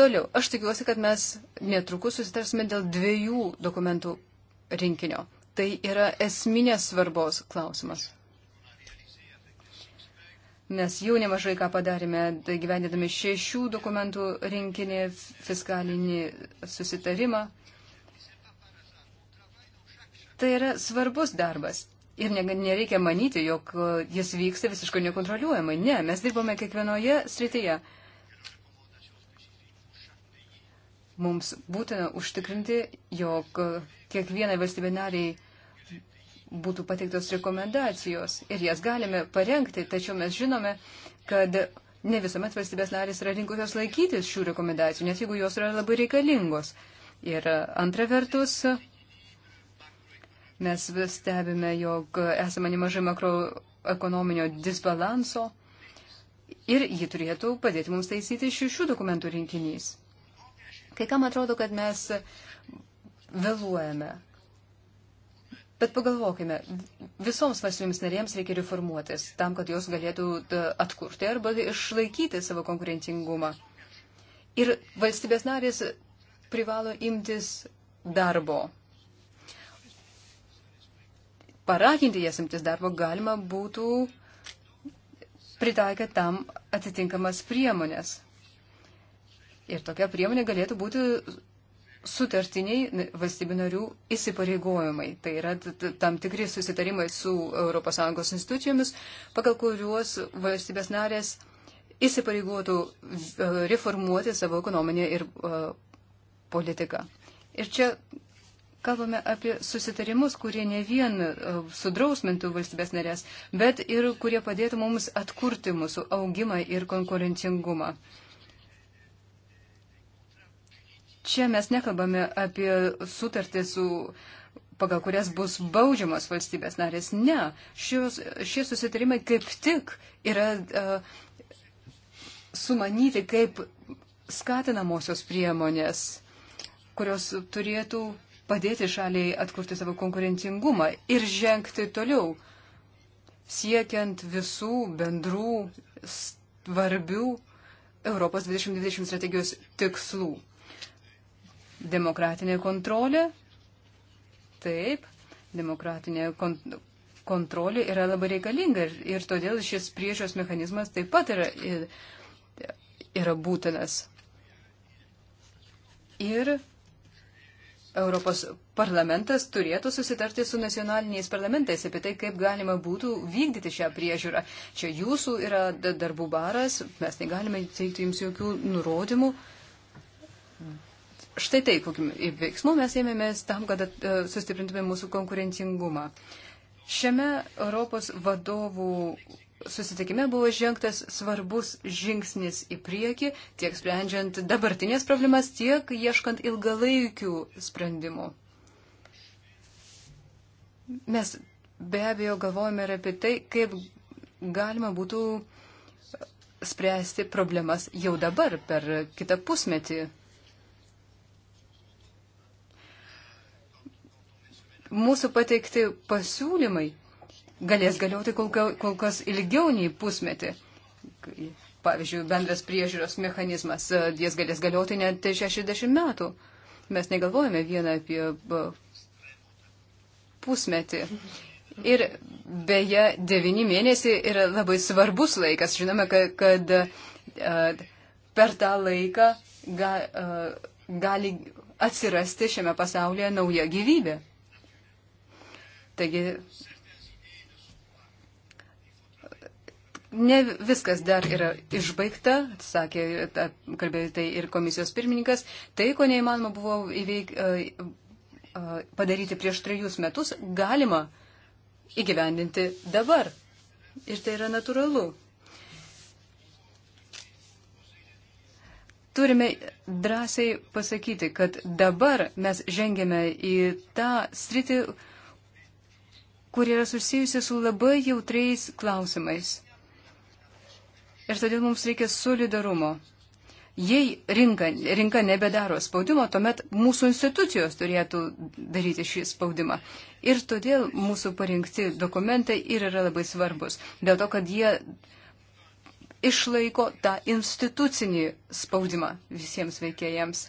Toliau, aš tikiuosi, kad mes netrukus susitarsime dėl dviejų dokumentų rinkinio. Tai yra esminės svarbos klausimas. Nes jau nemažai ką padarėme, tai gyvenėdami šešių dokumentų rinkinį, fiskalinį susitarimą. Tai yra svarbus darbas. Ir nereikia manyti, jog jis vyksta visiškai nekontroliuojamai. Ne, mes dirbome kiekvienoje srityje. Mums būtina užtikrinti, jog kiekvienai valstybė nariai būtų pateiktos rekomendacijos ir jas galime parengti, tačiau mes žinome, kad ne visuomet valstybės narės yra linkusios laikytis šių rekomendacijų, net jeigu jos yra labai reikalingos. Ir antra vertus, mes vis stebime, jog esame nemažai makroekonominio disbalanso ir jį turėtų padėti mums taisyti šių, šių dokumentų rinkinys. Kai kam atrodo, kad mes vėluojame. Bet pagalvokime, visoms valstybėms narėms reikia reformuotis tam, kad jos galėtų atkurti arba išlaikyti savo konkurencingumą. Ir valstybės narės privalo imtis darbo. Paraginti jas imtis darbo galima būtų pritaikę tam atitinkamas priemonės. Ir tokia priemonė galėtų būti sutartiniai valstybių narių įsipareigojimai. Tai yra tam tikri susitarimai su ES institucijomis, pagal kuriuos valstybės narės įsipareigotų e, reformuoti savo ekonominę ir uh, politiką. Ir čia kalbame apie susitarimus, kurie ne vien e, sudrausmintų valstybės narės, bet ir kurie padėtų mums atkurti mūsų augimą ir konkurencingumą. Uh, Čia mes nekalbame apie sutartį su pagal kurias bus baudžiamos valstybės narės. Ne, šios, šie susitarimai kaip tik yra uh, sumanyti kaip skatinamosios priemonės, kurios turėtų padėti šaliai atkurti savo konkurencingumą ir žengti toliau, siekiant visų bendrų svarbių Europos 2020 strategijos tikslų. Demokratinė kontrolė. Taip, demokratinė kont kontrolė yra labai reikalinga ir, ir todėl šis priežios mechanizmas taip pat yra, yra būtinas. Ir Europos parlamentas turėtų susitarti su nacionaliniais parlamentais apie tai, kaip galima būtų vykdyti šią priežiūrą. Čia jūsų yra darbų baras, mes negalime teikti jums jokių nurodymų, štai tai, kokiu veiksmu mes ėmėmės tam, kad e, sustiprintume mūsų konkurencingumą. Šiame Europos vadovų susitikime buvo žengtas svarbus žingsnis į priekį, tiek sprendžiant dabartinės problemas, tiek ieškant ilgalaikių sprendimų. Mes be abejo galvojame ir apie tai, kaip galima būtų spręsti problemas jau dabar per kitą pusmetį mūsų pateikti pasiūlymai galės galioti kol, kol kas ilgiau nei pusmetį. Pavyzdžiui, bendras priežiūros mechanizmas, e, jis galės galioti net 60 metų. Mes negalvojame vieną apie e, pusmetį. Ir beje, devyni mėnesiai yra labai svarbus laikas. Žinome, kad, kad e, per tą laiką ga, gali atsirasti šiame pasaulyje nauja gyvybė. Taigi ne viskas dar yra išbaigta, sakė, kalbėjo tai ir komisijos pirmininkas, tai, ko neįmanoma buvo įveik, padaryti prieš trejus metus, galima įgyvendinti dabar. Ir tai yra natūralu. Turime drąsiai pasakyti, kad dabar mes žengėme į tą sritį, kur yra susijusi su labai jautriais klausimais. Ir todėl mums reikia solidarumo. Jei rinka, rinka nebedaro spaudimo, tuomet mūsų institucijos turėtų daryti šį spaudimą. Ir todėl mūsų parinkti dokumentai ir yra labai svarbus. Dėl to, kad jie išlaiko tą institucinį spaudimą visiems veikėjams.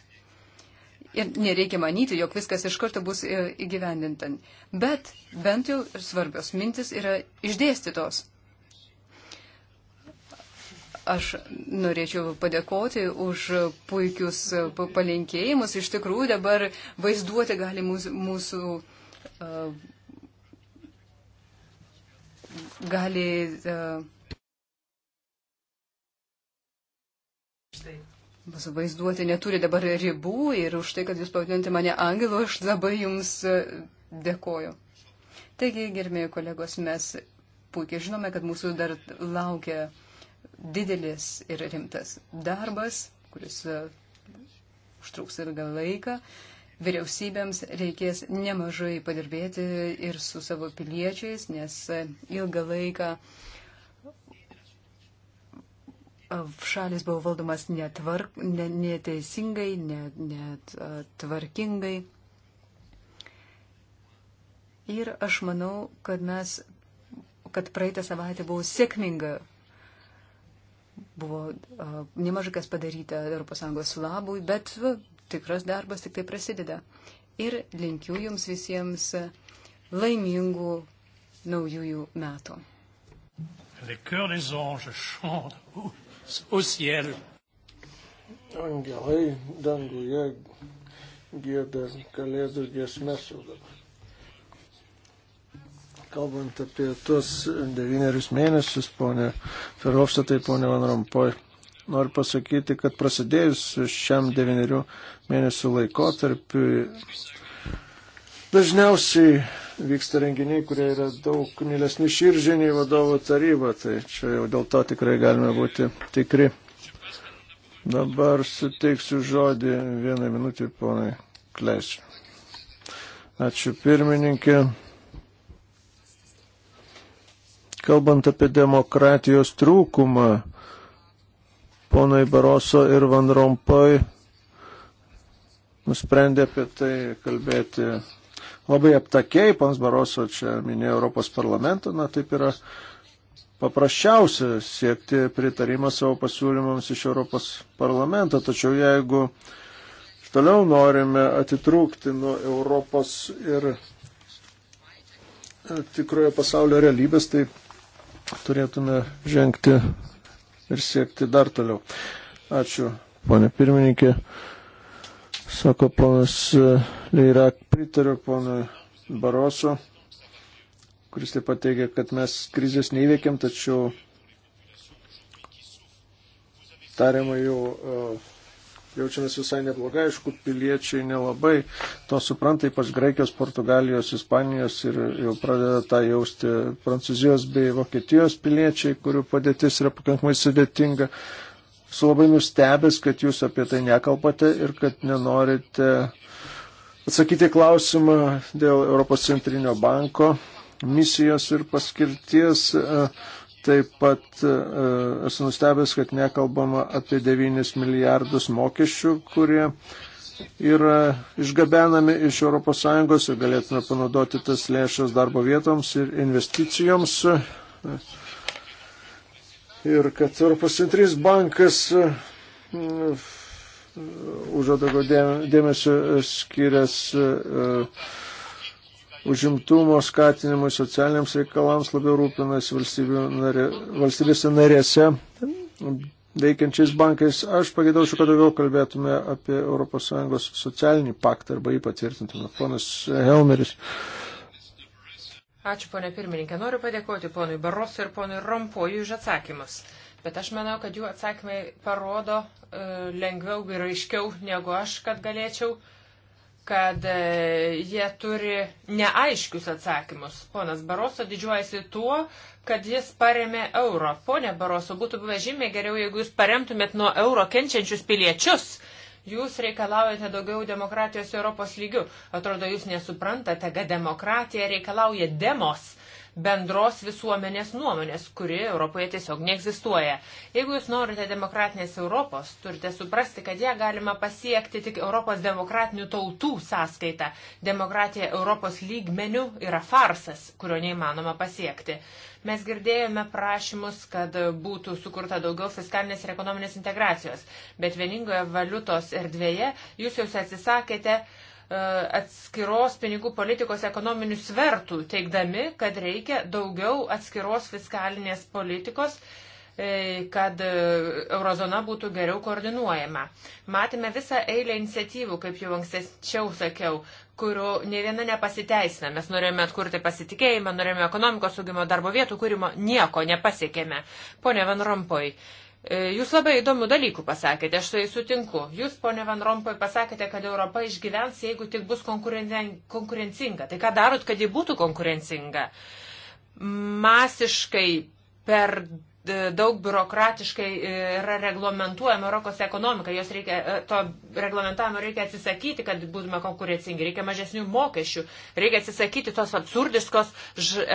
Ir nereikia manyti, jog viskas iš karto bus e, įgyvendinta. Bet bent jau svarbios mintis yra išdėstytos. Aš norėčiau padėkoti už puikius e, palinkėjimus. Iš tikrųjų dabar vaizduoti gali mūsų, mūsų e, gali. Uh, Mūsų vaizduoti neturi dabar ribų ir už tai, kad jūs pavadinote mane angelu, aš labai jums e, dėkoju. Taigi, gerbėjai kolegos, mes puikiai žinome, kad mūsų dar laukia didelis ir rimtas darbas, kuris e, užtruks ilgą laiką. Vyriausybėms reikės nemažai padirbėti ir su savo piliečiais, nes e, ilgą laiką uh, šalis buvo valdomas netvark, neteisingai, netvarkingai. Ir aš manau, kad mes, kad praeitą savaitę buvo sėkminga. Buvo uh, nemažai kas padaryta ES labui, bet uh, tikras darbas tik tai prasideda. Ir linkiu jums visiems laimingų naujųjų metų. Les chœurs des anges chantent au ciel. Angelai danguje gėda kalėdų giesmės jau dabar. Kalbant apie tuos devynerius mėnesius, ponė Ferovštė, tai ponė Van Rompoj, noriu pasakyti, kad prasidėjus šiam devynerių mėnesių laikotarpiu dažniausiai vyksta renginiai, kurie yra daug mylesni širžiniai vadovo taryba, tai čia jau dėl to tikrai galime būti tikri. Dabar suteiksiu žodį vieną minutį ponai Klesiu. Ačiū pirmininkė. Kalbant apie demokratijos trūkumą, ponai Baroso ir Van Rompuy nusprendė apie tai kalbėti labai aptakiai, pans Baroso čia minėjo Europos parlamentą, na taip yra paprasčiausia siekti pritarimą savo pasiūlymams iš Europos parlamento, tačiau jeigu toliau norime atitrūkti nuo Europos ir e, tikrojo pasaulio realybės, tai turėtume žengti ir siekti dar toliau. Ačiū, ponė pirmininkė. Sako ponas e, Leirak, pritariu ponui Baroso, kuris taip pat teigia, kad mes krizės neįveikėm, tačiau tariamai jau e, jaučiamės visai neblogai, aišku, piliečiai nelabai to supranta, ypač Graikijos, Portugalijos, Ispanijos ir jau pradeda tą jausti Prancūzijos bei Vokietijos piliečiai, kurių padėtis yra pakankamai sudėtinga. Su labai nustebęs, kad jūs apie tai nekalbate ir kad nenorite atsakyti klausimą dėl Europos centrinio banko misijos ir paskirties. Taip pat e, esu nustebęs, kad nekalbama apie 9 milijardus mokesčių, kurie yra išgabenami iš ES ir galėtume panaudoti tas lėšas darbo vietoms ir investicijoms ir kad Europos centrinis bankas e, užuot daugiau dėmesio skiriasi e, e, užimtumo skatinimui, socialiniams reikalams labiau rūpinasi narė, valstybėse narėse veikiančiais bankais. Aš pagėdaučiau, kad daugiau kalbėtume apie ES socialinį paktą arba jį patvirtintume. Ponas Helmeris. Uh, Ačiū, ponė pirmininkė. Noriu padėkoti ponui Barosu ir ponui Rompojui už atsakymus. Bet aš manau, kad jų atsakymai parodo e, lengviau ir aiškiau negu aš, kad galėčiau, kad e, jie turi neaiškius atsakymus. Ponas Baroso didžiuojasi tuo, kad jis paremė euro. Pone Baroso, būtų buvę žymiai geriau, jeigu jūs paremtumėt nuo euro kenčiančius piliečius Jūs reikalaujate daugiau demokratijos Europos lygių. Atrodo, jūs nesuprantate, kad demokratija reikalauja demos bendros visuomenės nuomonės, kuri Europoje tiesiog neegzistuoja. Jeigu jūs norite demokratinės Europos, turite suprasti, kad ją galima pasiekti tik Europos demokratinių tautų sąskaita. Demokratija Europos lygmenių yra farsas, kurio neįmanoma pasiekti. Mes girdėjome prašymus, kad būtų sukurta daugiau fiskalinės ir ekonominės integracijos, bet vieningoje valiutos erdvėje jūs jau atsisakėte uh, E, atskiros pinigų politikos ekonominių svertų, teikdami, kad reikia daugiau atskiros fiskalinės politikos, e, kad e, eurozona būtų geriau koordinuojama. Matėme visą eilę iniciatyvų, kaip jau ankstesčiau sakiau, kurių ne viena nepasiteisina. Mes norėjome atkurti pasitikėjimą, norėjome ekonomikos augimo darbo vietų kūrimo, nieko nepasiekėme. Pone Van Rompoj, uh, E, jūs labai įdomių dalykų pasakėte, aš tai sutinku. Jūs, ponė Van Rompoj, pasakėte, kad Europa išgyvens, jeigu tik bus konkurencinga. Tai ką darot, kad ji būtų konkurencinga? Masiškai per E, daug biurokratiškai e, yra reglamentuojama Europos ekonomika, jos reikia, e, to reglamentavimo reikia atsisakyti, kad būtume konkurencingi, reikia mažesnių mokesčių, reikia atsisakyti tos absurdiškos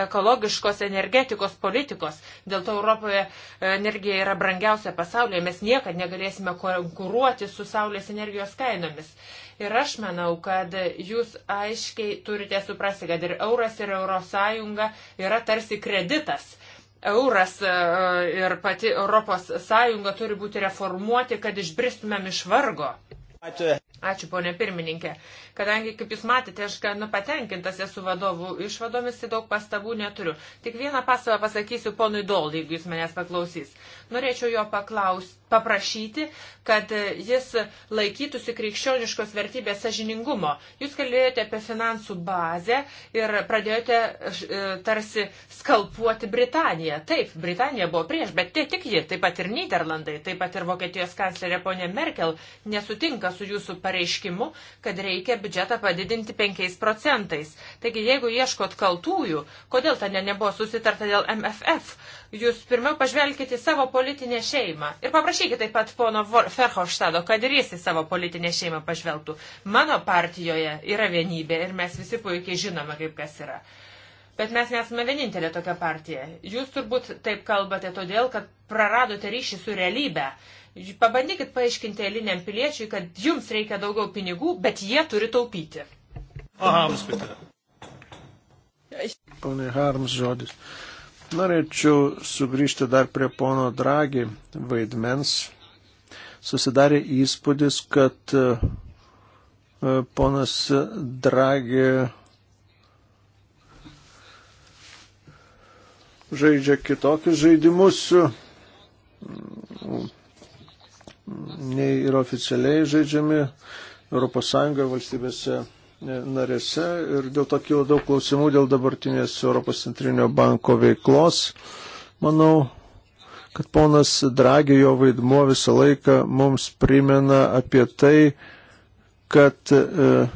ekologiškos energetikos politikos. Dėl to Europoje energija yra brangiausia pasaulyje, mes niekad negalėsime konkuruoti su saulės energijos kainomis. Ir aš manau, kad jūs aiškiai turite suprasti, kad ir euras, ir eurosąjunga yra tarsi kreditas euras e, ir pati Europos Sąjunga turi būti reformuoti, kad išbristumėm iš vargo. Ačiū. Ačiū, ponė pirmininkė. Kadangi, kaip jūs matėte, aš gana patenkintas esu vadovų išvadomis, tai daug pastabų neturiu. Tik vieną pastabą pasakysiu ponui Dol, jeigu jis manęs paklausys. Norėčiau jo paklaus, paprašyti, kad jis laikytųsi krikščioniškos vertybės sažiningumo. Jūs kalbėjote apie finansų bazę ir pradėjote e, tarsi skalpuoti Britaniją. Taip, Britanija buvo prieš, bet tai tik ji, taip pat ir Niderlandai, taip pat ir Vokietijos kanclerė ponė Merkel nesutinka su jūsų pareiškimu, kad reikia biudžetą padidinti 5 procentais. Taigi, jeigu ieškot kaltųjų, kodėl ten nebuvo susitarta dėl MFF? jūs pirmiau pažvelkite į savo politinę šeimą ir paprašykite taip pat pono Ferhoštado, kad ir jis į savo politinę šeimą pažvelgtų. Mano partijoje yra vienybė ir mes visi puikiai žinome, kaip kas yra. Bet mes nesame vienintelė tokia partija. Jūs turbūt taip kalbate todėl, kad praradote ryšį su realybė. Pabandykit paaiškinti eiliniam piliečiui, kad jums reikia daugiau pinigų, bet jie turi taupyti. Aha, Pane Harms žodis. Norėčiau sugrįžti dar prie pono Dragi vaidmens. Susidarė įspūdis, kad e, e, ponas Dragi žaidžia kitokius žaidimus nei ir oficialiai žaidžiami ES valstybėse narėse ir dėl to kilo daug klausimų dėl dabartinės Europos centrinio banko veiklos. Manau, kad ponas Dragi jo vaidmuo visą laiką mums primena apie tai, kad e,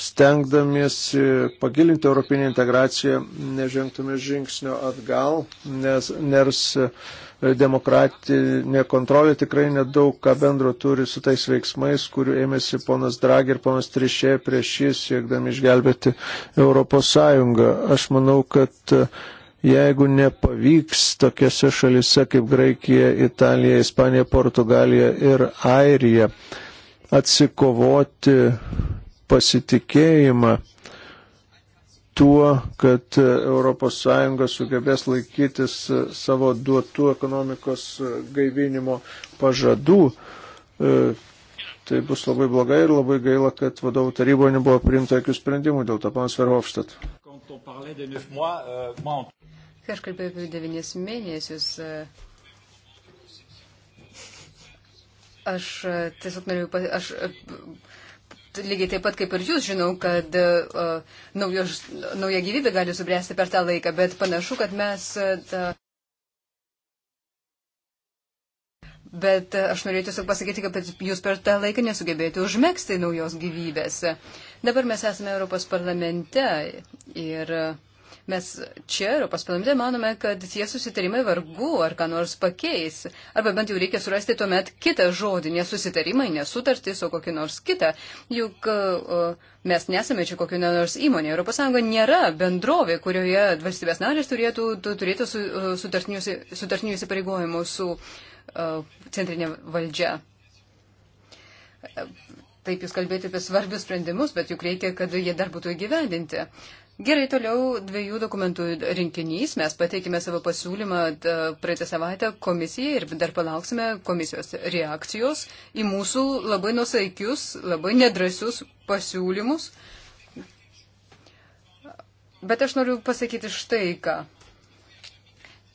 stengdamiesi pagilinti europinę integraciją, nežengtume žingsnio atgal, nes, nes e, demokratinė kontrolė tikrai nedaug ką bendro turi su tais veiksmais, kurių ėmėsi ponas Dragi ir ponas Trišė prieš jį siekdami išgelbėti Europos Sąjungą. Aš manau, kad e, jeigu nepavyks tokiose šalise kaip Graikija, Italija, Ispanija, Portugalija ir Airija atsikovoti pasitikėjimą tuo, kad ES sugebės laikytis savo duotų ekonomikos gaivinimo pažadų. E, tai bus labai blogai ir labai gaila, kad vadovų taryboje nebuvo priimta jokių sprendimų dėl to, panas Verhofstadt. Kai aš kalbėjau apie devynis mėnesius, e, aš e, tiesiog noriu, aš lygiai taip pat kaip ir jūs žinau, kad uh, naujo, nauja gyvybė gali subręsti per tą laiką, bet panašu, kad mes. Uh, Bet aš norėjau tiesiog pasakyti, kad jūs per tą laiką nesugebėjote užmėgsti naujos gyvybės. Dabar mes esame Europos parlamente ir uh, Mes čia, Europos parlamente, manome, kad tie susitarimai vargu ar ką nors pakeis. Arba bent jau reikia surasti tuomet kitą žodį, nesusitarimai, nesutartis, o kokį nors kitą. Juk mes nesame čia kokiu nors įmonė. Europos Sąjunga nėra bendrovė, kurioje valstybės narės turėtų, turėtų su, sutartinių įsipareigojimų su centrinė valdžia. Taip jūs kalbėjote apie svarbius sprendimus, bet juk reikia, kad jie dar būtų įgyvendinti. Gerai, toliau dviejų dokumentų rinkinys. Mes pateikime savo pasiūlymą e, praeitą savaitę komisijai ir dar palauksime komisijos reakcijos į mūsų labai nusaikius, labai nedrasius pasiūlymus. Bet aš noriu pasakyti štai ką.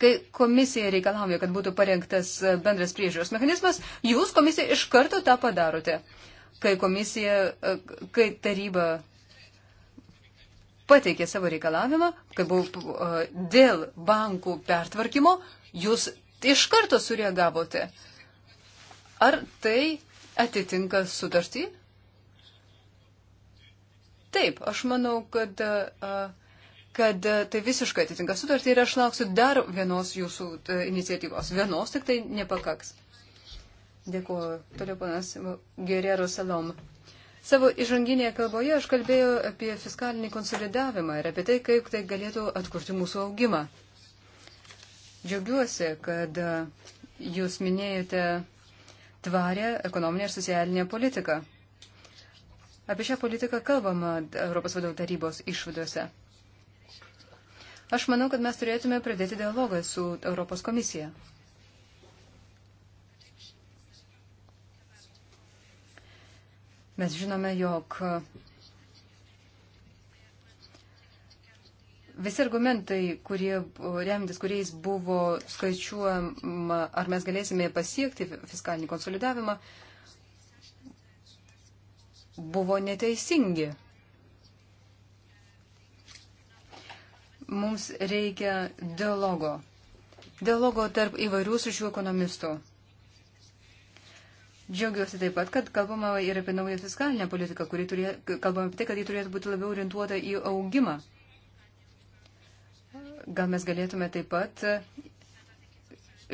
Kai komisija reikalauja, kad būtų parengtas bendras priežiūros mechanizmas, jūs komisija iš karto tą padarote. Kai komisija, e, kai taryba pateikė savo reikalavimą, kai buvo uh, dėl bankų pertvarkymo, jūs iš karto sureagavote. Ar tai atitinka sutartį? Taip, aš manau, kad, uh, kad uh, tai visiškai atitinka sutartį ir aš lauksiu dar vienos jūsų iniciatyvos. Vienos tik tai nepakaks. Dėkuoju. Toliau panas Gerero Salom. Savo įžanginėje kalboje aš kalbėjau apie fiskalinį konsolidavimą ir apie tai, kaip tai galėtų atkurti mūsų augimą. Džiaugiuosi, kad jūs minėjote tvarę ekonominę ir socialinę politiką. Apie šią politiką kalbama Europos vadovų tarybos išvadose. Aš manau, kad mes turėtume pradėti dialogą su Europos komisija. Mes žinome, jog visi argumentai, kurie remtis, kuriais buvo skaičiuojama, ar mes galėsime pasiekti fiskalinį konsolidavimą, buvo neteisingi. Mums reikia dialogo. Dialogo tarp įvairių sričių ekonomistų. Džiaugiuosi taip pat, kad kalbama ir apie naują fiskalinę politiką, kuri turė, kalbama apie tai, kad ji turėtų būti labiau orientuota į augimą. Gal mes galėtume taip pat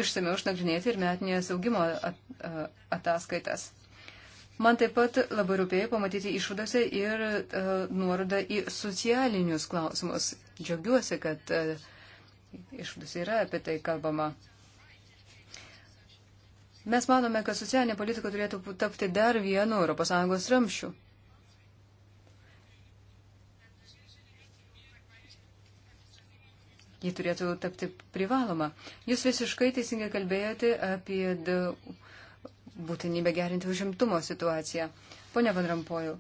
išsameu išnagrinėti ir metinės augimo ataskaitas. Man taip pat labai rūpėjo pamatyti išvadose ir uh, nuorodą į socialinius klausimus. Džiaugiuosi, kad uh, išvadose yra apie tai kalbama. Mes manome, kad socialinė politika turėtų tapti dar vienu ES ramščiu. Ji turėtų tapti privaloma. Jūs visiškai teisingai kalbėjote apie būtinybę gerinti užimtumo situaciją. Pone Van Rampoju,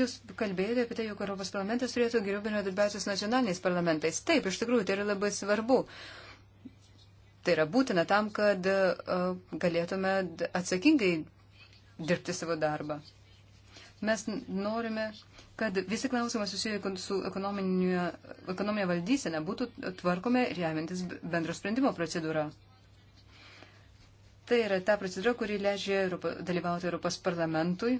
jūs kalbėjote apie tai, jog Europos parlamentas turėtų geriau bendradarbiauti su nacionaliniais parlamentais. Taip, iš tikrųjų, tai yra labai svarbu. Uh, Tai yra būtina tam, kad e, galėtume atsakingai dirbti savo darbą. Mes norime, kad visi klausimai susiję su ekonominė valdysena būtų tvarkome remiantis bendro sprendimo procedūra. Tai yra ta procedūra, kuri leidžia Europa, dalyvauti Europos parlamentui.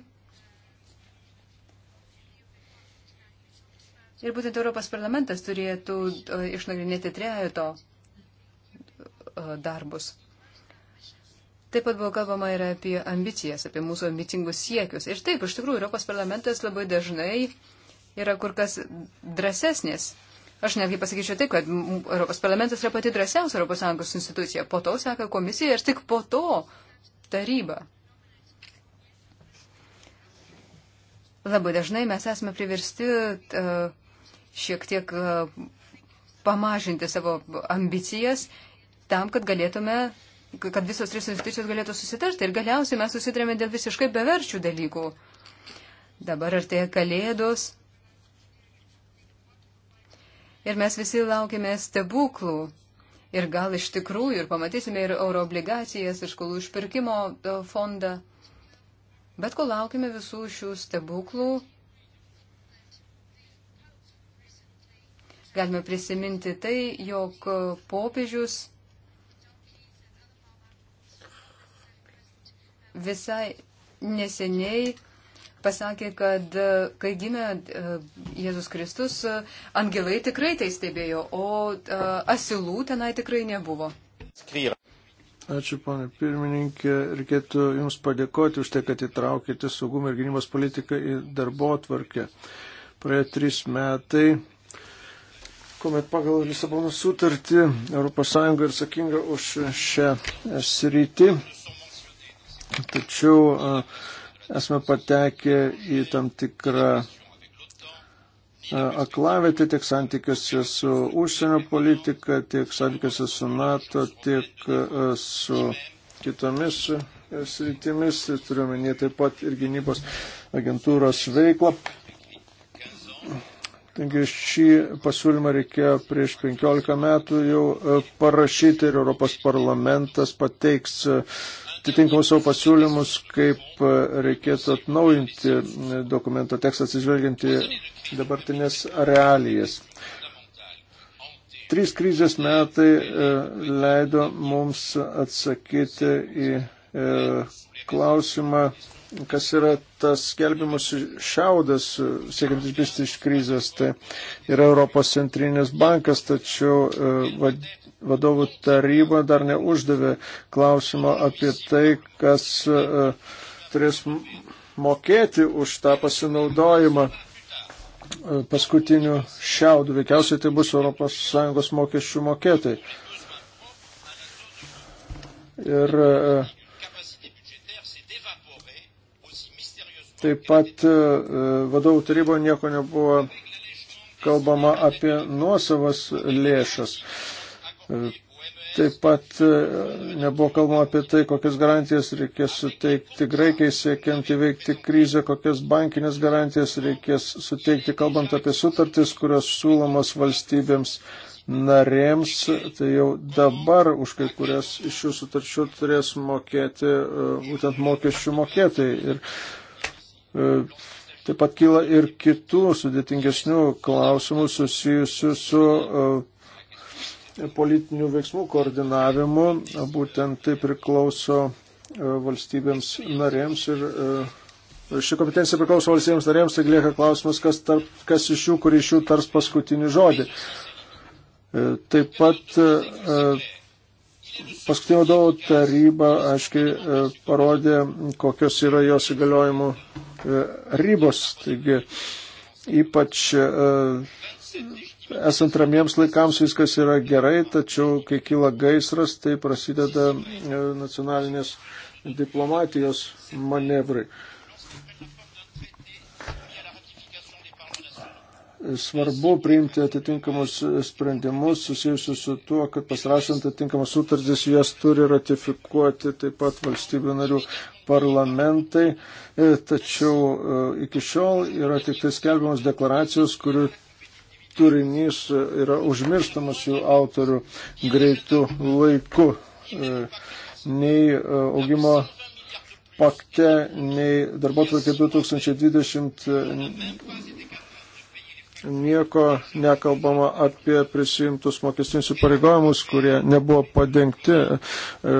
Ir būtent Europos parlamentas turėtų e, išnagrinėti trejato E, darbus. Taip pat buvo kalbama ir apie ambicijas, apie mūsų ambicingus siekius. Ir taip, iš tikrųjų, Europos parlamentas labai dažnai yra kur kas drąsesnis. Aš netgi pasakyčiau taip, kad Europos parlamentas yra pati drąsiausia ES institucija. Po to seka komisija ir tik po to taryba. Labai dažnai mes esame priversti e, šiek tiek e, pamažinti savo ambicijas tam, kad galėtume kad visos trys institucijos galėtų susitarti. Ir galiausiai mes susitarėme dėl visiškai beverčių dalykų. Dabar artėja kalėdos. Ir mes visi laukime stebuklų. Ir gal iš tikrųjų ir pamatysime ir euroobligacijas, ir skolų išpirkimo e, fondą. Bet kol laukime visų šių stebuklų, galime prisiminti tai, jog popiežius visai neseniai pasakė, kad e, kai gimė e, Jėzus Kristus, e, angelai tikrai tai stebėjo, o asilų tenai tikrai nebuvo. Skryra. Ačiū, panė pirmininkė. Reikėtų Jums padėkoti už tai, kad įtraukėte saugumą ir gynybos politiką į darbo atvarkę. Praėjo trys metai, kuomet pagal Lisabono sutartį ES ir atsakinga už šią sritį Tačiau esame patekę į tam tikrą aklavietę tiek santykiuose su užsienio politika, tiek santykiuose su NATO, tiek su kitomis sritimis, tai turiuomenė taip pat ir gynybos agentūros veiklą. Taigi šį pasiūlymą reikėjo prieš 15 metų jau parašyti ir Europos parlamentas pateiks atitinkamus savo pasiūlymus, kaip e, reikėtų atnaujinti e, dokumento tekstą atsižvelgianti dabartinės realijas. Trys krizės metai e, leido mums atsakyti į klausimą, kas yra tas skelbimus šiaudas, siekiant išbristi iš krizės, tai yra Europos centrinės bankas, tačiau vad, vadovų taryba dar neuždavė klausimo apie tai, kas e, turės mokėti už tą pasinaudojimą e, paskutinių šiaudų. Veikiausiai tai bus ES mokesčių mokėtai. Ir e, taip pat vadovų taryboje nieko nebuvo kalbama apie nuosavas lėšas. Taip pat e, nebuvo kalbama apie tai, kokias garantijas reikės suteikti Graikiai siekiant įveikti krizę, kokias bankinės garantijas reikės suteikti, kalbant apie sutartis, kurios siūlomos valstybėms narėms. Tai jau dabar už kai kurias iš šių sutarčių turės mokėti e, būtent mokesčių mokėtai. Ir, e, Taip pat kyla ir kitų sudėtingesnių klausimų susijusių su uh, politinių veiksmų koordinavimu, būtent tai priklauso e, valstybėms narėms ir e, ši kompetencija priklauso valstybėms narėms, taigi lieka klausimas, kas, tarp, kas iš jų, kur iš jų tars paskutinį žodį. E, taip pat paskutinio vadovų taryba, aiškiai, parodė, kokios yra jos įgaliojimų ribos. Taigi, ypač Esant ramiems laikams viskas yra gerai, tačiau kai kyla gaisras, tai prasideda e, nacionalinės diplomatijos manevrai. Svarbu priimti atitinkamus sprendimus susijusius su tuo, kad pasirašant atitinkamas sutartys jas turi ratifikuoti taip pat valstybių narių parlamentai, e, tačiau e, iki šiol yra tik tai skelbiamas deklaracijos, kurių turinys yra užmirštamas jų autorių greitų laikų. E, nei e, augimo pakte, nei darbo tvarkė 2020 nieko nekalbama apie prisimtus mokestinius įpareigojimus, kurie nebuvo padengti. E,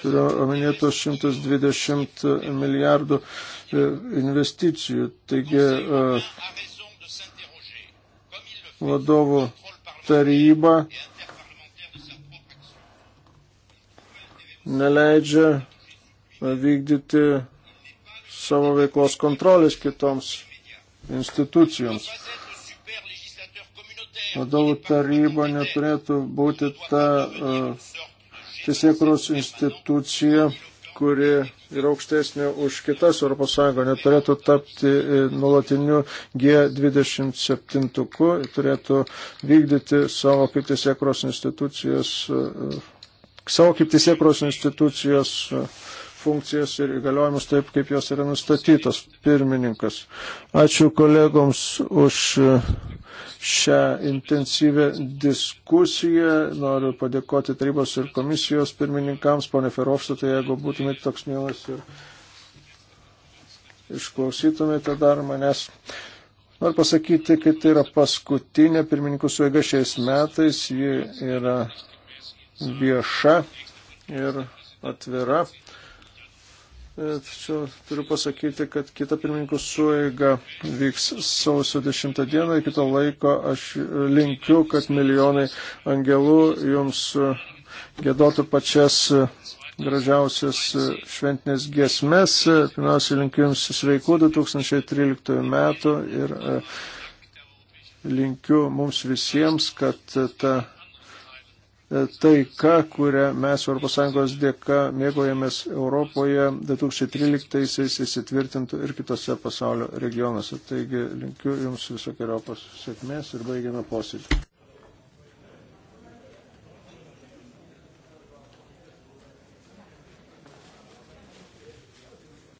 turiu omenėtos 120 milijardų investicijų. Taigi vadovų taryba neleidžia vykdyti savo veiklos kontrolės kitoms institucijoms. Vadovų taryba neturėtų būti ta uh, teisėkros institucija, kuri yra aukštesnė už kitas ES, neturėtų tapti e, nulatiniu G27, turėtų vykdyti savo kaip tiesiekros institucijos, e, e, savo kaip tiesiekros institucijos uh, funkcijas ir įgaliojimus taip, kaip jos yra nustatytos pirmininkas. Ačiū kolegoms už šią intensyvę diskusiją. Noriu padėkoti tarybos ir komisijos pirmininkams, ponė Ferovstatai, jeigu būtumėte toks mielas ir išklausytumėte dar manęs. Noriu pasakyti, kad tai yra paskutinė pirmininkų suėga šiais metais. Ji yra vieša ir atvira. Tačiau turiu pasakyti, kad kita pirmininkų suėga vyks sausio 10 dieną. Iki to laiko aš linkiu, kad milijonai angelų jums gėdotų pačias gražiausias šventinės giesmes. Pirmiausia, linkiu jums sveikų 2013 metų ir e, linkiu mums visiems, kad ta taika, kurią mes ES dėka mėgojamės Europoje 2013-aisiais įsitvirtintų ir kitose pasaulio regionuose. Taigi linkiu Jums visokiojopos sėkmės ir baigiame posėdį.